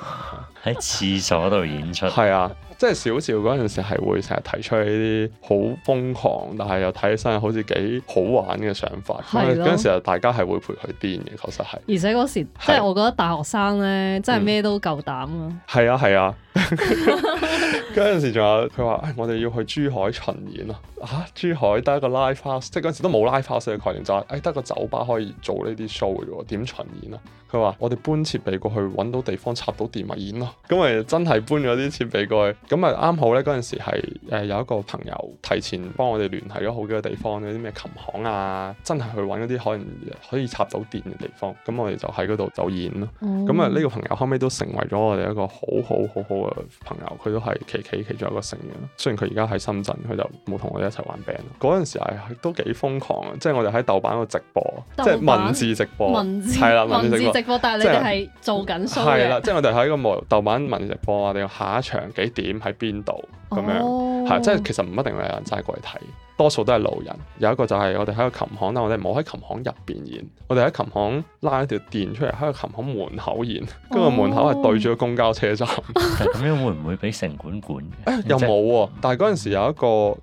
喺廁所度演出。係啊，即係小少嗰陣時係會成日提出呢啲好瘋狂，但係又睇起身好似幾好玩嘅想法。係咯。嗰陣時大家係會陪佢癲嘅，確實係。而且嗰時即係我覺得大學生咧，真係咩都夠膽啊！係啊，係啊。嗰陣 時仲有佢話、哎，我哋要去珠海巡演咯。吓、啊，珠海得一個 live house，即係嗰陣時都冇 live house 嘅概念，就係誒得個酒吧可以做呢啲 show 嘅。點巡演啊？佢話我哋搬設備過去，揾到地方插到電咪演咯。咁咪真係搬咗啲設備過去，咁咪啱好呢，嗰陣時係誒、呃、有一個朋友提前幫我哋聯繫咗好幾個地方，嗰啲咩琴行啊，真係去揾嗰啲可能可以插到電嘅地方。咁我哋就喺嗰度就演咯。咁啊呢個朋友後尾都成為咗我哋一個好好好好。個朋友佢都係琪琪其中一個成員，雖然佢而家喺深圳，佢就冇同我哋一齊玩 band。嗰陣時都幾瘋狂嘅，即係我哋喺豆瓣度直播，豆瓣，即係文字直播，文字係啦，文字直播。但係你哋係做緊數嘅，即係我哋喺個磨豆瓣文字直播啊，定下一場幾點喺邊度咁樣？係、哦、即係其實唔一定會有人真係過嚟睇。多數都係路人，有一個就係我哋喺個琴行，但我哋冇喺琴行入面演，我哋喺琴行拉一條電出嚟，喺個琴行門口演，跟住、oh. 門口係對住個公交車站，咁 樣會唔會俾城管管？哎、即又冇喎，啊，但係嗰陣時候有一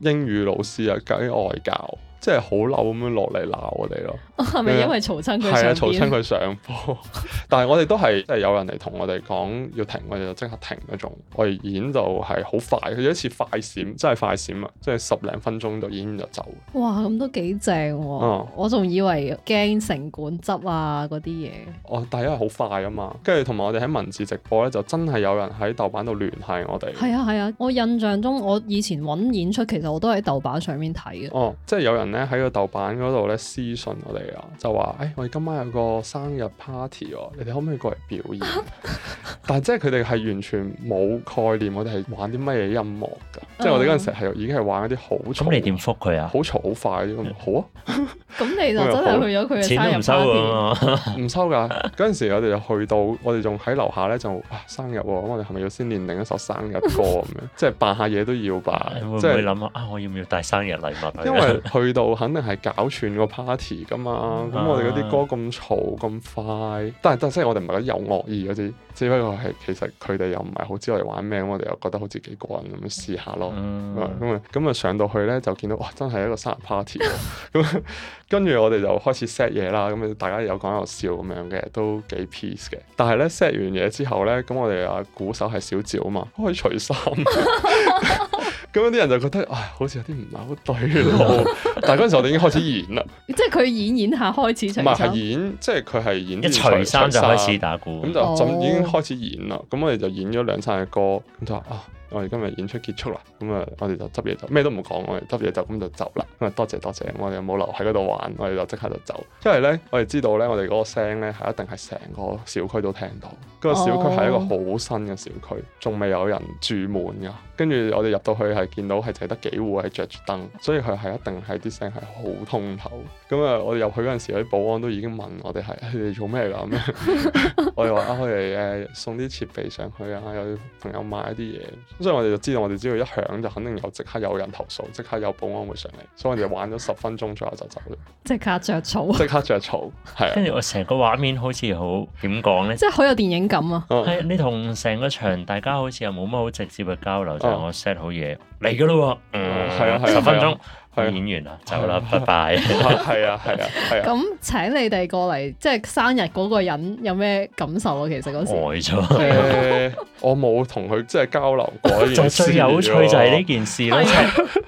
個英語老師啊，係外教。即係好嬲咁樣落嚟鬧我哋咯，係咪因為嘈親佢？係啊，嘈親佢上課。 但係我哋都係即係有人嚟同我哋講要停，我哋就即刻停嗰種。我哋演就係好快，佢有一次快閃，真係快閃啊！即係十零分鐘就演完就走。哇，咁都幾正喎、啊！哦、我仲以為驚城管執啊嗰啲嘢。哦，但係因為好快啊嘛，跟住同埋我哋喺文字直播咧，就真係有人喺豆瓣度聯繫我哋。係啊係啊，我印象中我以前揾演出其實我都喺豆瓣上面睇嘅。哦，即係有人咧。喺個豆瓣嗰度咧私信我哋啊，就話：誒、哎，我哋今晚有個生日 party 喎、哦，你哋可唔可以過嚟表演？啊、但係即係佢哋係完全冇概念，我哋係玩啲乜嘢音樂㗎？啊、即係我哋嗰陣時係已經係玩一啲好嘈，咁、嗯、你點覆佢啊？好嘈好快咁、嗯，好啊！咁 你就真係去咗佢嘅生日 party，好、錢都唔收啊、啊、唔 收㗎。嗰陣時我哋就去到，我哋仲喺樓下咧就哇、啊、生日喎、啊，咁我哋係咪要先練另一首生日歌咁樣？ 即係扮下嘢都要扮，即係你諗下啊，我要唔要帶生日禮物？ 因為去就肯定係搞串個 party 噶嘛，咁、嗯、我哋嗰啲歌咁嘈咁快，但係即係我哋唔係覺得有惡意嗰啲，只不過係其實佢哋又唔係好知我哋玩咩，我哋又覺得好似幾過癮咁樣試下咯。咁啊咁啊上到去咧就見到哇真係一個生日 party，咁跟住我哋就開始 set 嘢啦，咁大家有講有笑咁樣嘅都幾 peace 嘅。但係咧 set 完嘢之後咧，咁我哋啊鼓手係小趙啊嘛，可以除衫。咁樣啲人就覺得，啊，好似有啲唔係好對路， 但係嗰陣時候我哋已經開始演啦，即係佢演演下開始唱。唔係係演，即係佢係演。一除衫就開始打鼓，咁就就已經開始演啦。咁我哋就演咗兩三嘅歌，咁就啊。我哋今日演出結束啦，咁我哋就執嘢走，咩都唔講，我哋執嘢走，咁就，就走啦。咁、嗯、多謝多謝，我哋冇留喺嗰度玩，我哋就即刻就走。因為呢，我哋知道呢，我哋嗰個聲呢係一定係成個小區都聽到。嗰、那個小區係一個好新嘅小區，仲未有人住滿㗎。跟住我哋入到去係見到係淨係得幾戶係著住燈，所以佢係一定係啲聲係好通透。咁、嗯、我哋入去嗰陣時候，啲保安都已經問我哋係：你哋做咩㗎？ 我哋話：我、oh, 哋、yeah, 送啲設備上去啊，有朋友買一啲嘢。所以我哋就知道，我哋只要一響就肯定有，即刻有人投訴，即刻有保安會上嚟。所以我哋玩咗十分鐘左右就走咗。即刻着草，即刻着草。係。跟住我成個畫面好似好點講咧？呢即係好有電影感啊！係、嗯哎，你同成個場大家好似又冇乜好直接嘅交流，就係、我 set 好嘢嚟噶啦。嗯，係啊、嗯，十分鐘。演員啊，走啦，拜拜。係啊，係啊，係啊。咁請你哋過嚟，即係生日嗰個人有咩感受啊？其實嗰時呆咗。我冇同佢即係交流過。就最有趣就係呢件事咯，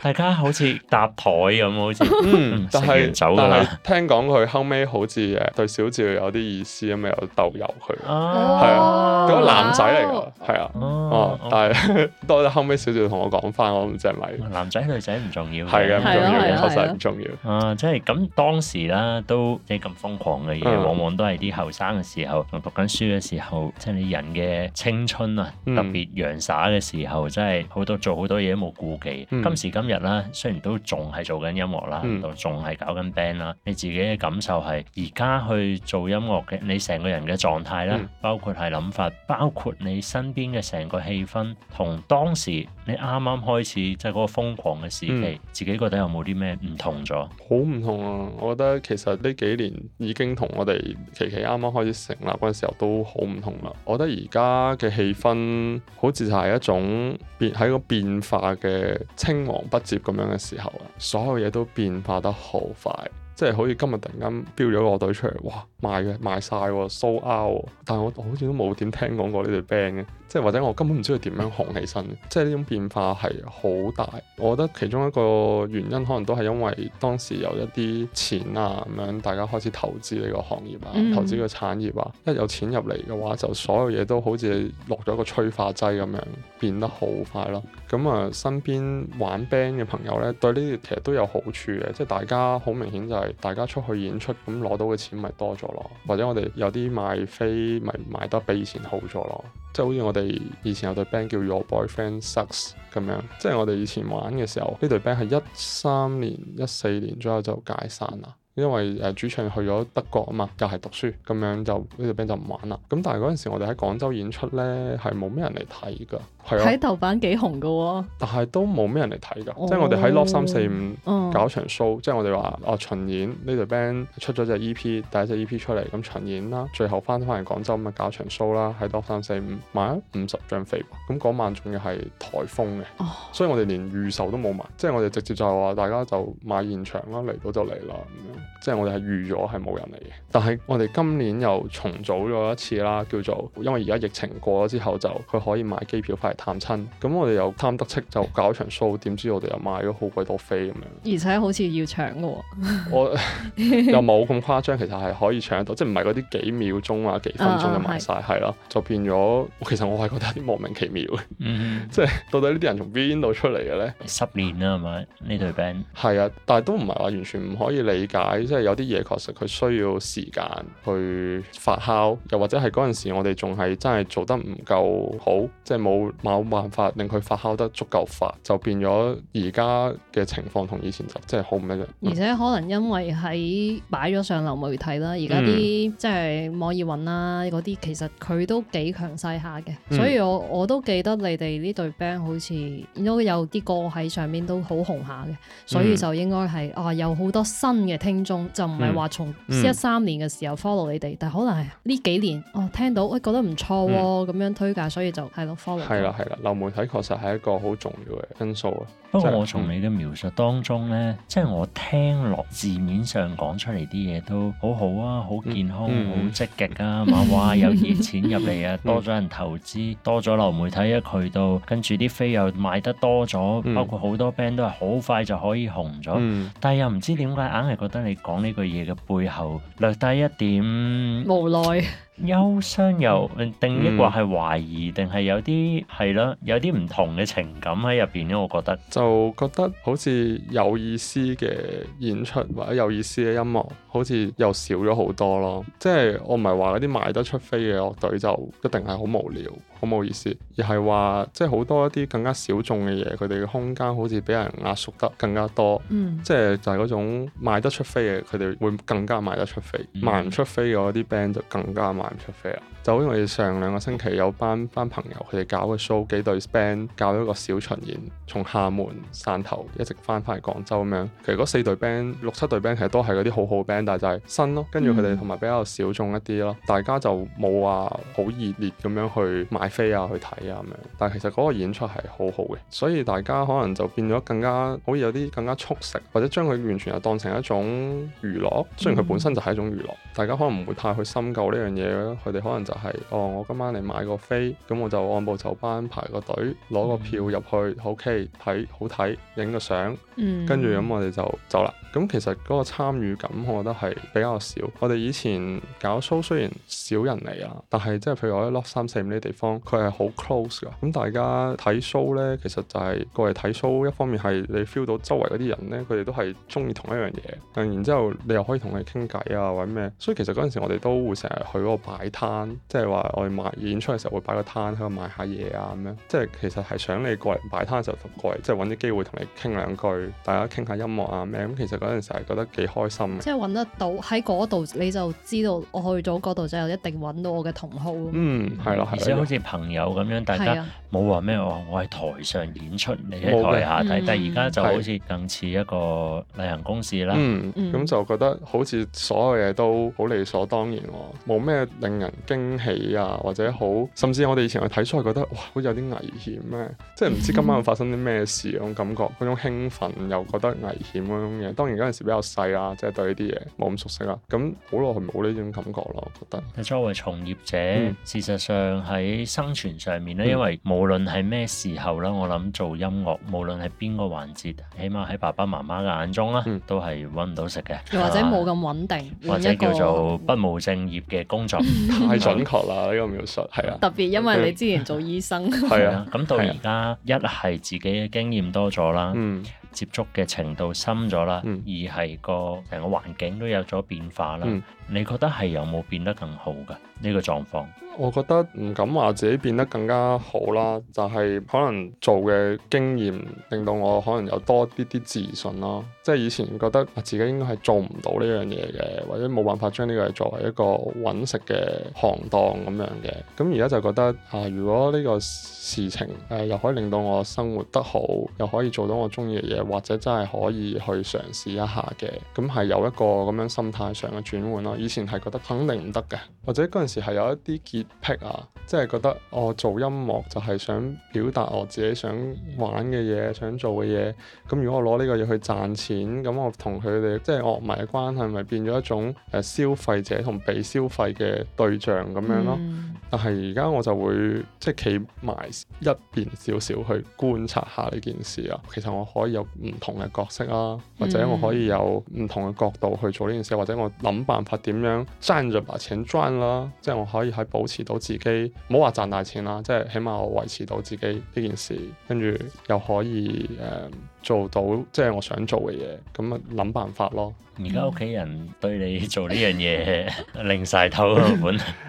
大家好似搭台咁，好似。嗯。自然走，但係聽講佢後尾好似誒對小趙有啲意思，咁有逗遊佢。哦。係啊，個男仔嚟㗎，係啊。哦。但係多咗後尾小趙同我講翻，我唔知係咪。男仔女仔唔重要。係啊。係，嗯嗯、確實係唔重要。啊，即係咁當時啦，都即係咁瘋狂嘅嘢，嗯、往往都係啲後生嘅時候，仲讀緊書嘅時候，即係你人嘅青春啊，嗯、特別陽灑嘅時候，真係好多做好多嘢都冇顧忌。嗯、今時今日啦，雖然都仲係做緊音樂啦，仲仲係搞緊 band 啦，你自己嘅感受係而家去做音樂嘅，你成個人嘅狀態啦，嗯、包括係諗法，包括你身邊嘅成個氣氛，同當時你啱啱開始即係嗰個瘋狂嘅時期，同當時你啱啱開始即係嗰個瘋狂嘅時期自己覺得。有冇啲咩唔同咗？好唔同啊！我覺得其實呢幾年已經同我哋琪琪啱啱開始成立嗰陣時候，都好唔同啦。我覺得而家嘅氣氛好似係一種變喺個變化嘅青黃不接咁樣嘅時候啊，所有嘢都變化得好快，即係好似今日突然間飆咗個樂隊出嚟，哇，賣嘅賣晒，sold out，但係我好似都冇點聽講過呢隊 band。即係或者我根本唔知佢點樣紅起身，即係呢種變化係好大。我覺得其中一個原因可能都係因為當時有一啲錢啊咁樣，大家開始投資呢個行業啊，投資個產業啊。嗯、一有錢入嚟嘅話，就所有嘢都好似落咗個催化劑咁樣，變得好快咯。咁啊，身邊玩 band 嘅朋友咧，對呢啲其實都有好處嘅，即係大家好明顯就係大家出去演出咁攞到嘅錢咪多咗咯。或者我哋有啲賣飛咪賣得比以前好咗咯。即好似我哋以前有對 band 叫 Your Boyfriend Sucks 咁樣，即係我哋以前玩嘅時候，呢對 band 係一三年、一四年左右就解散啦。因為誒主唱去咗德國啊嘛，又係讀書，咁樣就呢條 band 就唔玩啦。咁但係嗰陣時我哋喺廣州演出咧，係冇咩人嚟睇噶。係啊，睇豆瓣幾紅噶， 但係都冇咩人嚟睇噶。哦、即係我哋喺 love 三四五搞場 show，即係我哋話哦巡演呢條 band 出咗隻 EP，第一隻 EP 出嚟咁巡演啦，最後翻翻嚟廣州咁啊搞場 show 啦，喺 love 三四五買咗五十張飛。咁嗰晚仲要係台風嘅，哦、所以我哋連預售都冇賣，即係我哋直接就話大家就買現場啦，嚟到就嚟啦咁樣。即係我哋係預咗係冇人嚟嘅，但係我哋今年又重組咗一次啦，叫做因為而家疫情過咗之後，就佢可以買機票翻嚟探親，咁、嗯、我哋又貪得戚就搞場 show，點知我哋又買咗好鬼多飛咁樣，而且好似要搶嘅喎、哦， 我又冇咁誇張，其實係可以搶到，即係唔係嗰啲幾秒鐘啊幾分鐘就賣晒，係咯、啊啊，就變咗其實我係覺得有啲莫名其妙嘅，嗯、即係到底呢啲人從邊度出嚟嘅咧？十年啦係咪呢隊 band？係啊，但係都唔係話完全唔可以理解。即係有啲嘢確實佢需要時間去發酵，又或者係嗰陣時我哋仲係真係做得唔夠好，即係冇冇辦法令佢發酵得足夠快，就變咗而家嘅情況同以前就真係好唔一樣，嗯、而且可能因為喺擺咗上流媒體啦，而家啲即係網易雲啦啲，其實佢都幾強勢下嘅。嗯、所以我我都記得你哋呢隊 band 好似都有啲歌喺上面都好紅下嘅，所以就應該係、嗯、啊有好多新嘅聽。就唔係話從一三年嘅時候 follow 你哋。嗯嗯、但係可能係呢幾年，我、哦、聽到、哎、覺得唔錯咁樣推介，所以就係咯 follow。係啦係啦，流媒體確實係一個好重要嘅因素啊。不過、就是、我從你嘅描述當中咧，即、就、係、是、我聽落字面上講出嚟啲嘢都好好啊，好健康，好積極啊，嘛，哇有熱錢入嚟啊，多咗人投資，嗯嗯、多咗流媒體一渠道，跟住啲飛又賣得多咗，包括好多 band 都係好快就可以紅咗、嗯，但係又唔知點解硬係覺得你。你講呢句嘢嘅背後略帶一點無奈 憂、憂傷又定抑或係懷疑，定係有啲係咯，有啲唔同嘅情感喺入邊咯，我覺得就覺得好似有意思嘅演出或者有意思嘅音樂，好似又少咗好多咯。即係我唔係話嗰啲賣得出飛嘅樂隊就一定係好無聊。好冇意思，而係話，即係好多一啲更加小眾嘅嘢，佢哋嘅空間好似俾人壓縮得更加多，即係、嗯、就係嗰種賣得出飛嘅，佢哋會更加賣得出飛，賣唔、嗯、出飛嘅啲 band 就更加賣唔出飛啦。就好似我哋上兩個星期有班班朋友佢哋搞嘅 show，幾隊 band 搞咗個小巡演，從廈門、汕頭一直翻翻嚟廣州咁樣，其實嗰四隊 band、六七隊 band 其實都係嗰啲好好 band，但係就係新咯。跟住佢哋同埋比較小眾一啲咯，嗯、大家就冇話好熱烈咁樣去買。飛啊去睇啊咁樣，但係其實嗰個演出係好好嘅，所以大家可能就變咗更加好似有啲更加速食，或者將佢完全又當成一種娛樂。雖然佢本身就係一種娛樂，嗯、大家可能唔會太去深究呢樣嘢。佢哋可能就係、是、哦，我今晚嚟買個飛，咁我就按部就班排個隊，攞個票入去，OK，睇好睇，影個相，跟住咁我哋就走啦。咁其實嗰個參與感我覺得係比較少。我哋以前搞 show 雖然少人嚟啊，但係即係譬如我喺落三四五呢啲地方。佢係好 close 㗎，咁、嗯、大家睇 show 咧，其實就係過嚟睇 show，一方面係你 feel 到周圍嗰啲人咧，佢哋都係鍾意同一樣嘢，但然之後你又可以同佢哋傾偈啊，或者咩，所以其實嗰陣時我哋都會成日去嗰個擺攤，即係話我哋賣演出嘅時候會擺個攤喺度賣下嘢啊咁樣，即係其實係想你過嚟擺攤嘅時候就過嚟，即係揾啲機會同你傾兩句，大家傾下音樂啊咩，咁其實嗰陣時係覺得幾開心。即係揾得到喺嗰度，你就知道我去咗嗰度就一定揾到我嘅同好。嗯，係咯，好似。朋友咁樣，大家。冇話咩喎？我喺台上演出，你喺台下睇，嗯、但係而家就好似更似一個例行公事啦。嗯，咁、嗯、就覺得好似所有嘢都好理所當然喎，冇咩令人驚喜啊，或者好，甚至我哋以前去睇出嚟覺得哇，好似有啲危險咩、啊？即係唔知今晚會發生啲咩事嗰種感覺，嗰、嗯、種興奮又覺得危險嗰種嘢。當然嗰陣時比較細啊，即、就、係、是、對呢啲嘢冇咁熟悉啦、啊。咁好耐冇呢種感覺咯，我覺得。作為從業者，嗯、事實上喺生存上面咧，因為冇。無論係咩時候啦，我諗做音樂，無論係邊個環節，起碼喺爸爸媽媽嘅眼中啦，嗯、都係搵唔到食嘅，又或者冇咁穩定，或者叫做不務正業嘅工作，嗯、 太準確啦呢個描述。係啊，特別因為你之前做醫生，係、嗯、 啊，咁到而家、啊、一係自己嘅經驗多咗啦，嗯、接觸嘅程度深咗啦，二係個成個環境都有咗變化啦。嗯你覺得係有冇變得更好嘅呢、這個狀況？我覺得唔敢話自己變得更加好啦，就係、是、可能做嘅經驗令到我可能有多啲啲自信咯。即係以前覺得自己應該係做唔到呢樣嘢嘅，或者冇辦法將呢個作為一個揾食嘅行當咁樣嘅。咁而家就覺得啊，如果呢個事情誒、呃、又可以令到我生活得好，又可以做到我中意嘅嘢，或者真係可以去嘗試一下嘅，咁係有一個咁樣心態上嘅轉換咯。以前係覺得肯定唔得嘅，或者嗰陣時係有一啲潔癖啊。即係覺得我做音樂就係想表達我自己想玩嘅嘢，想做嘅嘢。咁如果我攞呢個嘢去賺錢，咁我同佢哋即係樂迷嘅關係，咪變咗一種誒消費者同被消費嘅對象咁樣咯。嗯、但係而家我就會即係企埋一邊少少去觀察下呢件事啊。其實我可以有唔同嘅角色啊，或者我可以有唔同嘅角度去做呢件事，嗯、或者我諗辦法點樣爭住把錢賺啦。即係我可以喺保持到自己。唔好話賺大錢啦，即係起碼我維持到自己呢件事，跟住又可以、um 做到即係我想做嘅嘢，咁，啊諗辦法咯。而家屋企人對你做呢樣嘢令晒頭嗰個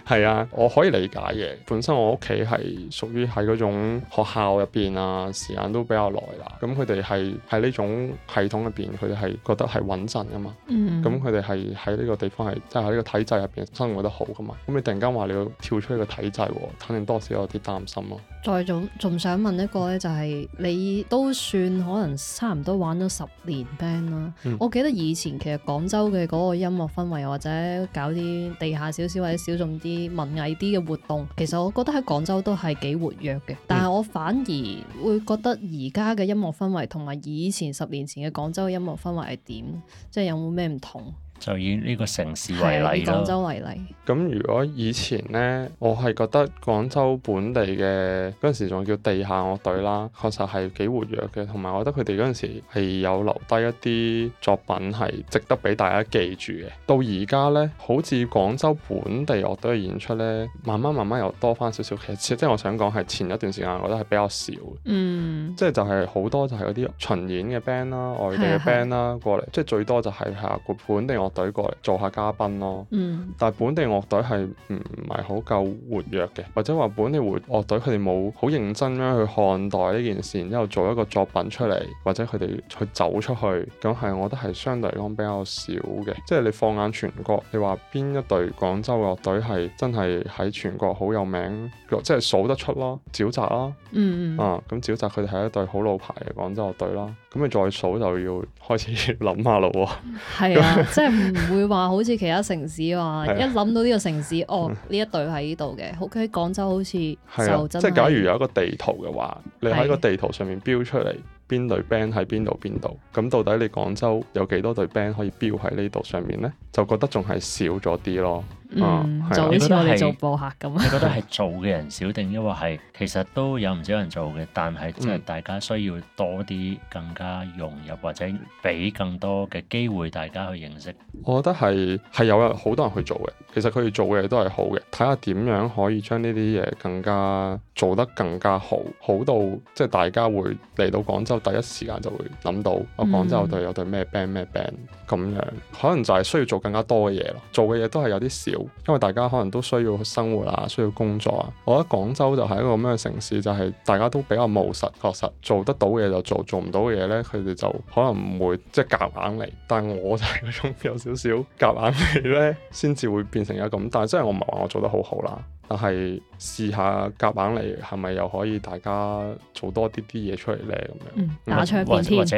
款， 啊，我可以理解嘅。本身我屋企係屬於喺嗰種學校入邊啊，時間都比較耐啦。咁佢哋係喺呢種系統入邊，佢哋係覺得係穩陣噶嘛。咁佢哋係喺呢個地方係即係喺呢個體制入邊生活得好噶嘛。咁你突然間話你要跳出呢個體制，哦，肯定多少有啲擔心咯，啊。再仲仲想問一個咧，就是，就係你都算可能。差唔多玩咗十年 band 啦，嗯、我記得以前其實廣州嘅嗰個音樂氛圍，或者搞啲地下少少或者小眾啲、文藝啲嘅活動，其實我覺得喺廣州都係幾活躍嘅。但係我反而會覺得而家嘅音樂氛圍同埋以前十年前嘅廣州音樂氛圍係點，即係有冇咩唔同？就以呢個城市為例咯，廣州為例。咁如果以前呢，我係覺得廣州本地嘅嗰陣時仲叫地下樂隊啦，確實係幾活躍嘅，同埋我覺得佢哋嗰陣時係有留低一啲作品係值得俾大家記住嘅。到而家呢，好似廣州本地樂隊嘅演出呢，慢慢慢慢又多翻少少。其實即係我想講係前一段時間我覺得係比較少。嗯，即係就係好多就係嗰啲巡演嘅 band 啦、外地嘅 band 啦，是是過嚟，即、就、係、是、最多就係下個本地樂隊。隊過嚟做下嘉賓咯，嗯、但係本地樂隊係唔係好夠活躍嘅。或者話本地樂樂隊佢哋冇好認真咁去看待呢件事，然之後做一個作品出嚟，或者佢哋去走出去，咁係我覺得係相對嚟講比較少嘅。即係你放眼全國，你話邊一隊廣州嘅樂隊係真係喺全國好有名，即係數得出咯，沼澤啦，啊咁、嗯嗯、沼澤佢哋係一隊好老牌嘅廣州樂隊啦，咁你再數就要開始諗下啦喎。係啊，即係。唔 會話好似其他城市話，啊、一諗到呢個城市，哦，呢 一隊喺呢度嘅，好喺廣州好似就真係、啊、即係假如有一個地圖嘅話，你喺個地圖上面標出嚟邊、啊、隊 band 喺邊度邊度，咁到底你廣州有幾多隊 band 可以標喺呢度上面呢？就覺得仲係少咗啲咯。嗯，就好似我哋做播客咁。你覺得係 做嘅人少定，因為係其實都有唔少人做嘅，但係即係大家需要多啲、嗯、更加融入或者俾更多嘅機會大家去認識。我覺得係係有好多人去做嘅，其實佢哋做嘅嘢都係好嘅。睇下點樣可以將呢啲嘢更加做得更加好，好到即係、就是、大家會嚟到廣州第一時間就會諗到啊！廣州有隊有隊咩 band 咩 band 咁樣可能就係需要做更加多嘅嘢咯。做嘅嘢都係有啲少。因為大家可能都需要生活啊，需要工作啊。我覺得廣州就係一個咁樣嘅城市，就係、是、大家都比較務實，確實做得到嘅嘢就做，做唔到嘅嘢呢，佢哋就可能唔會即係夾硬嚟。但係我就係嗰種有少少夾硬嚟呢，先至會變成有咁。但係真係我唔係話我做得好好啦，但係試下夾硬嚟係咪又可以大家做多啲啲嘢出嚟呢？咁樣、嗯、或者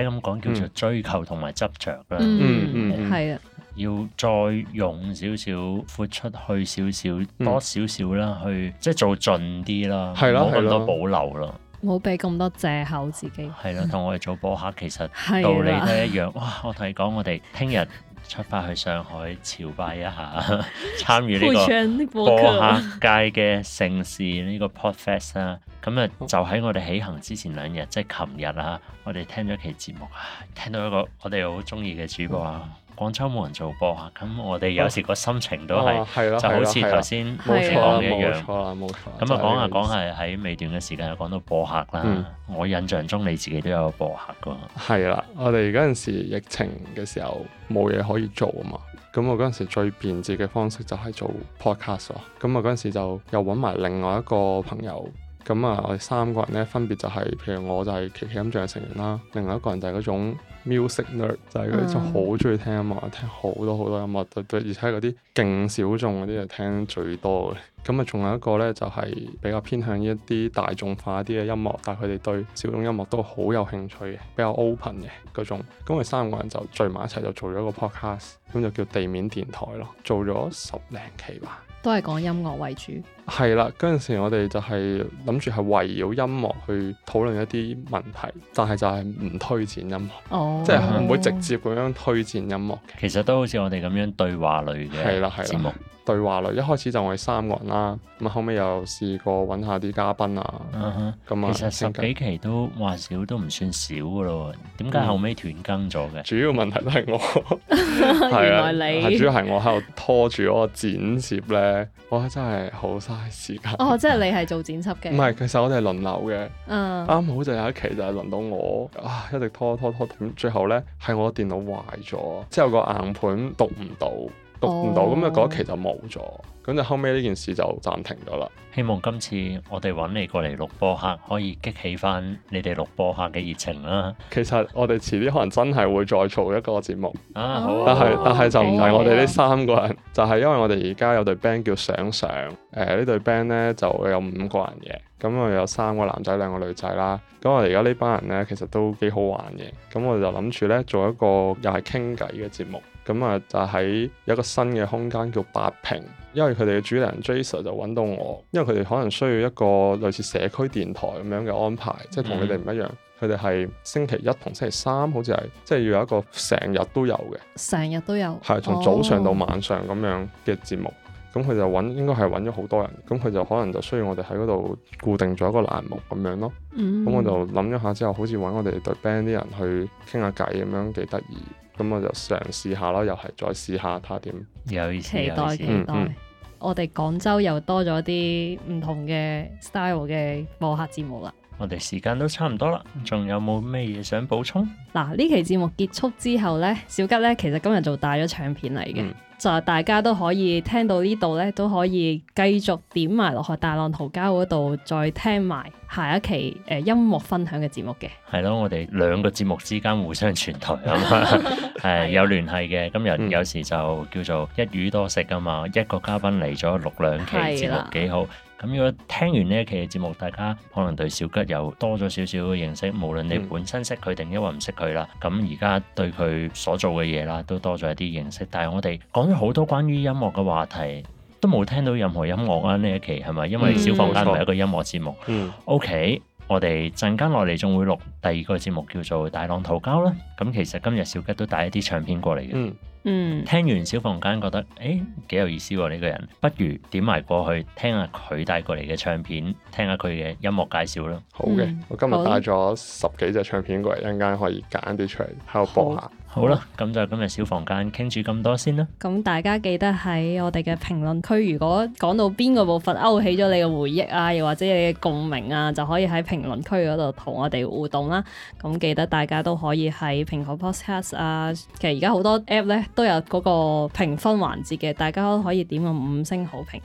咁講叫做追求同埋執着啦。嗯嗯，係、嗯、啊。嗯要再用少少豁出去少少多少少啦，嗯、去即係做盡啲啦，冇咁的多保留咯，冇俾咁多借口自己。係啦，同我哋做播客其實道理都一樣。的哇！我同你講，我哋聽日出發去上海朝拜一下，參與呢個播客界嘅盛事呢個 PodFest 啦。咁啊，就喺我哋起行之前兩日，好即係琴日啊，我哋聽咗期節目啊，聽到一個我哋好中意嘅主播啊。廣州冇人做播客，咁我哋有時個心情都係、哦、就好似頭先講嘅一樣。冇錯，冇錯。咁啊，講下講下，喺尾段嘅時間，又講到播客啦。嗯、我印象中你自己都有播客噶。係啦，我哋嗰陣時疫情嘅時候冇嘢可以做啊嘛。咁我嗰陣時最便捷嘅方式就係做 podcast 咯。咁我嗰陣時就又揾埋另外一個朋友。咁啊，我哋三個人咧分別就係、是，譬如我就係琪琪音像嘅成員啦，另外一個人就係嗰種。music nerd 就係佢哋真係好中意聽音樂，聽好多好多音樂，對對，而且嗰啲勁小眾嗰啲就聽最多嘅。咁啊，仲有一個咧，就係、是、比較偏向一啲大眾化啲嘅音樂，但係佢哋對小眾音樂都好有興趣嘅，比較 open 嘅嗰種。咁佢哋三個人就聚埋一齊就做咗個 podcast，咁就叫地面電台咯，做咗十零期吧。都係講音樂為主。係啦，嗰陣時我哋就係諗住係圍繞音樂去討論一啲問題，但係就係唔推薦音樂，oh. 即係唔會直接咁樣推薦音樂。其實都好似我哋咁樣對話類嘅節目。對話類一開始就我哋三個人啦，咁後尾又試過揾下啲嘉賓啊。咁啊、uh，huh. 其實十幾期都話少都唔算少噶咯。點解後尾斷更咗嘅？ 主要問題都係我， 係啊 原來你 主要係我喺度拖住嗰個剪接咧，我真係好時間哦，即係你係做剪輯嘅，唔係，其實我哋係輪流嘅，嗯，啱好就有一期就係輪到我，啊，一直拖拖拖，咁最後咧係我電腦壞咗，之後個硬盤讀唔到，讀唔到，咁啊嗰一期就冇咗。咁就後尾呢件事就暫停咗啦。希望今次我哋揾你過嚟錄播客，可以激起返你哋錄播客嘅熱情啦。其實我哋遲啲可能真係會再做一個節目，但係但係就唔係我哋呢三個人，啊、就係 因為我哋而家有隊 band 叫想上，上。誒、呃、呢隊 band 呢，就有五個人嘅，咁啊有三個男仔兩個女仔啦。咁我哋而家呢班人呢，其實都幾好玩嘅。咁我哋就諗住呢做一個又係傾偈嘅節目，咁啊就喺一個新嘅空間叫八平。因為佢哋嘅主理人 Jason 就揾到我，因為佢哋可能需要一個類似社區電台咁樣嘅安排，即係同你哋唔一樣。佢哋係星期一同星期三好像是。好似係，即係要有一個成日都有嘅，成日都有，係從早上到晚上咁樣嘅節目。咁佢，哦、就揾。應該係揾咗好多人。咁佢就可能就需要我哋喺嗰度固定咗一個欄目咁樣咯。咁，嗯、我就諗一下之後，好似揾我哋隊 band 啲人去傾下偈咁樣，幾得意。咁我就嘗試下咯，又係再試下睇下點。有意思，期待期待，期待。嗯嗯、我哋廣州又多咗啲唔同嘅 style 嘅播客節目啦。我哋時間都差唔多啦，仲有冇咩嘢想補充？嗱，呢期節目結束之後呢，小吉呢其實今日就帶咗唱片嚟嘅。嗯就大家都可以聽到呢度咧，都可以繼續點埋落去大浪淘膠嗰度，再聽埋下一期誒、呃、音樂分享嘅節目嘅。係咯， 我哋兩個節目之間互相傳台啊嘛，係有聯繫嘅。今日有時就叫做一魚多食啊嘛，一個嘉賓嚟咗錄兩期節目，幾好。咁如果聽完呢一期嘅節目，大家可能對小吉有多咗少少嘅認識，無論你本身識佢定因為唔識佢啦，咁而家對佢所做嘅嘢啦，都多咗一啲認識。但係我哋講咗好多關於音樂嘅話題，都冇聽到任何音樂啊！呢一期係咪？因為小房間，唔係一個音樂節目。嗯。嗯嗯、o、okay, K，我哋陣間落嚟仲會錄第二個節目，叫做《大浪淘膠》啦。咁、嗯、其實今日小吉都帶一啲唱片過嚟嘅。嗯嗯，聽完小房間覺得，誒、欸、幾有意思喎、啊、呢個人，不如點埋過去聽下佢帶過嚟嘅唱片，聽下佢嘅音樂介紹啦。好嘅，我今日帶咗十幾隻唱片過嚟，陣間可以揀啲出嚟喺度播下。好啦，咁吧、嗯、就今日小房間傾住咁多先啦。咁大家記得喺我哋嘅評論區，如果講到邊個部分勾起咗你嘅回憶啊，又或者你嘅共鳴啊，就可以喺評論區嗰度同我哋互動啦、啊。咁記得大家都可以喺蘋果 Podcast 啊，其實而家好多 app 咧。都有嗰個評分環節嘅，大家可以點個五星好評嘅。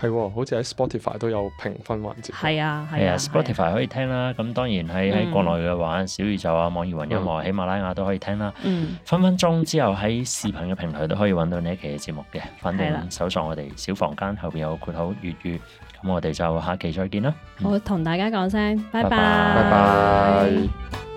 係喎、哦，好似喺 Spotify 都有評分環節。係啊，係啊，啊，啊，Spotify 可以聽啦。咁當然喺喺國內嘅話，嗯、小宇宙啊、網易雲音樂、喜、嗯、馬拉雅都可以聽啦。嗯、分分鐘之後喺視頻嘅平台都可以揾到呢一期嘅節目嘅。反正搜索我哋小房間後邊有括號粵語，咁我哋就下期再見啦。嗯、好，同大家講聲拜拜，拜拜。拜拜。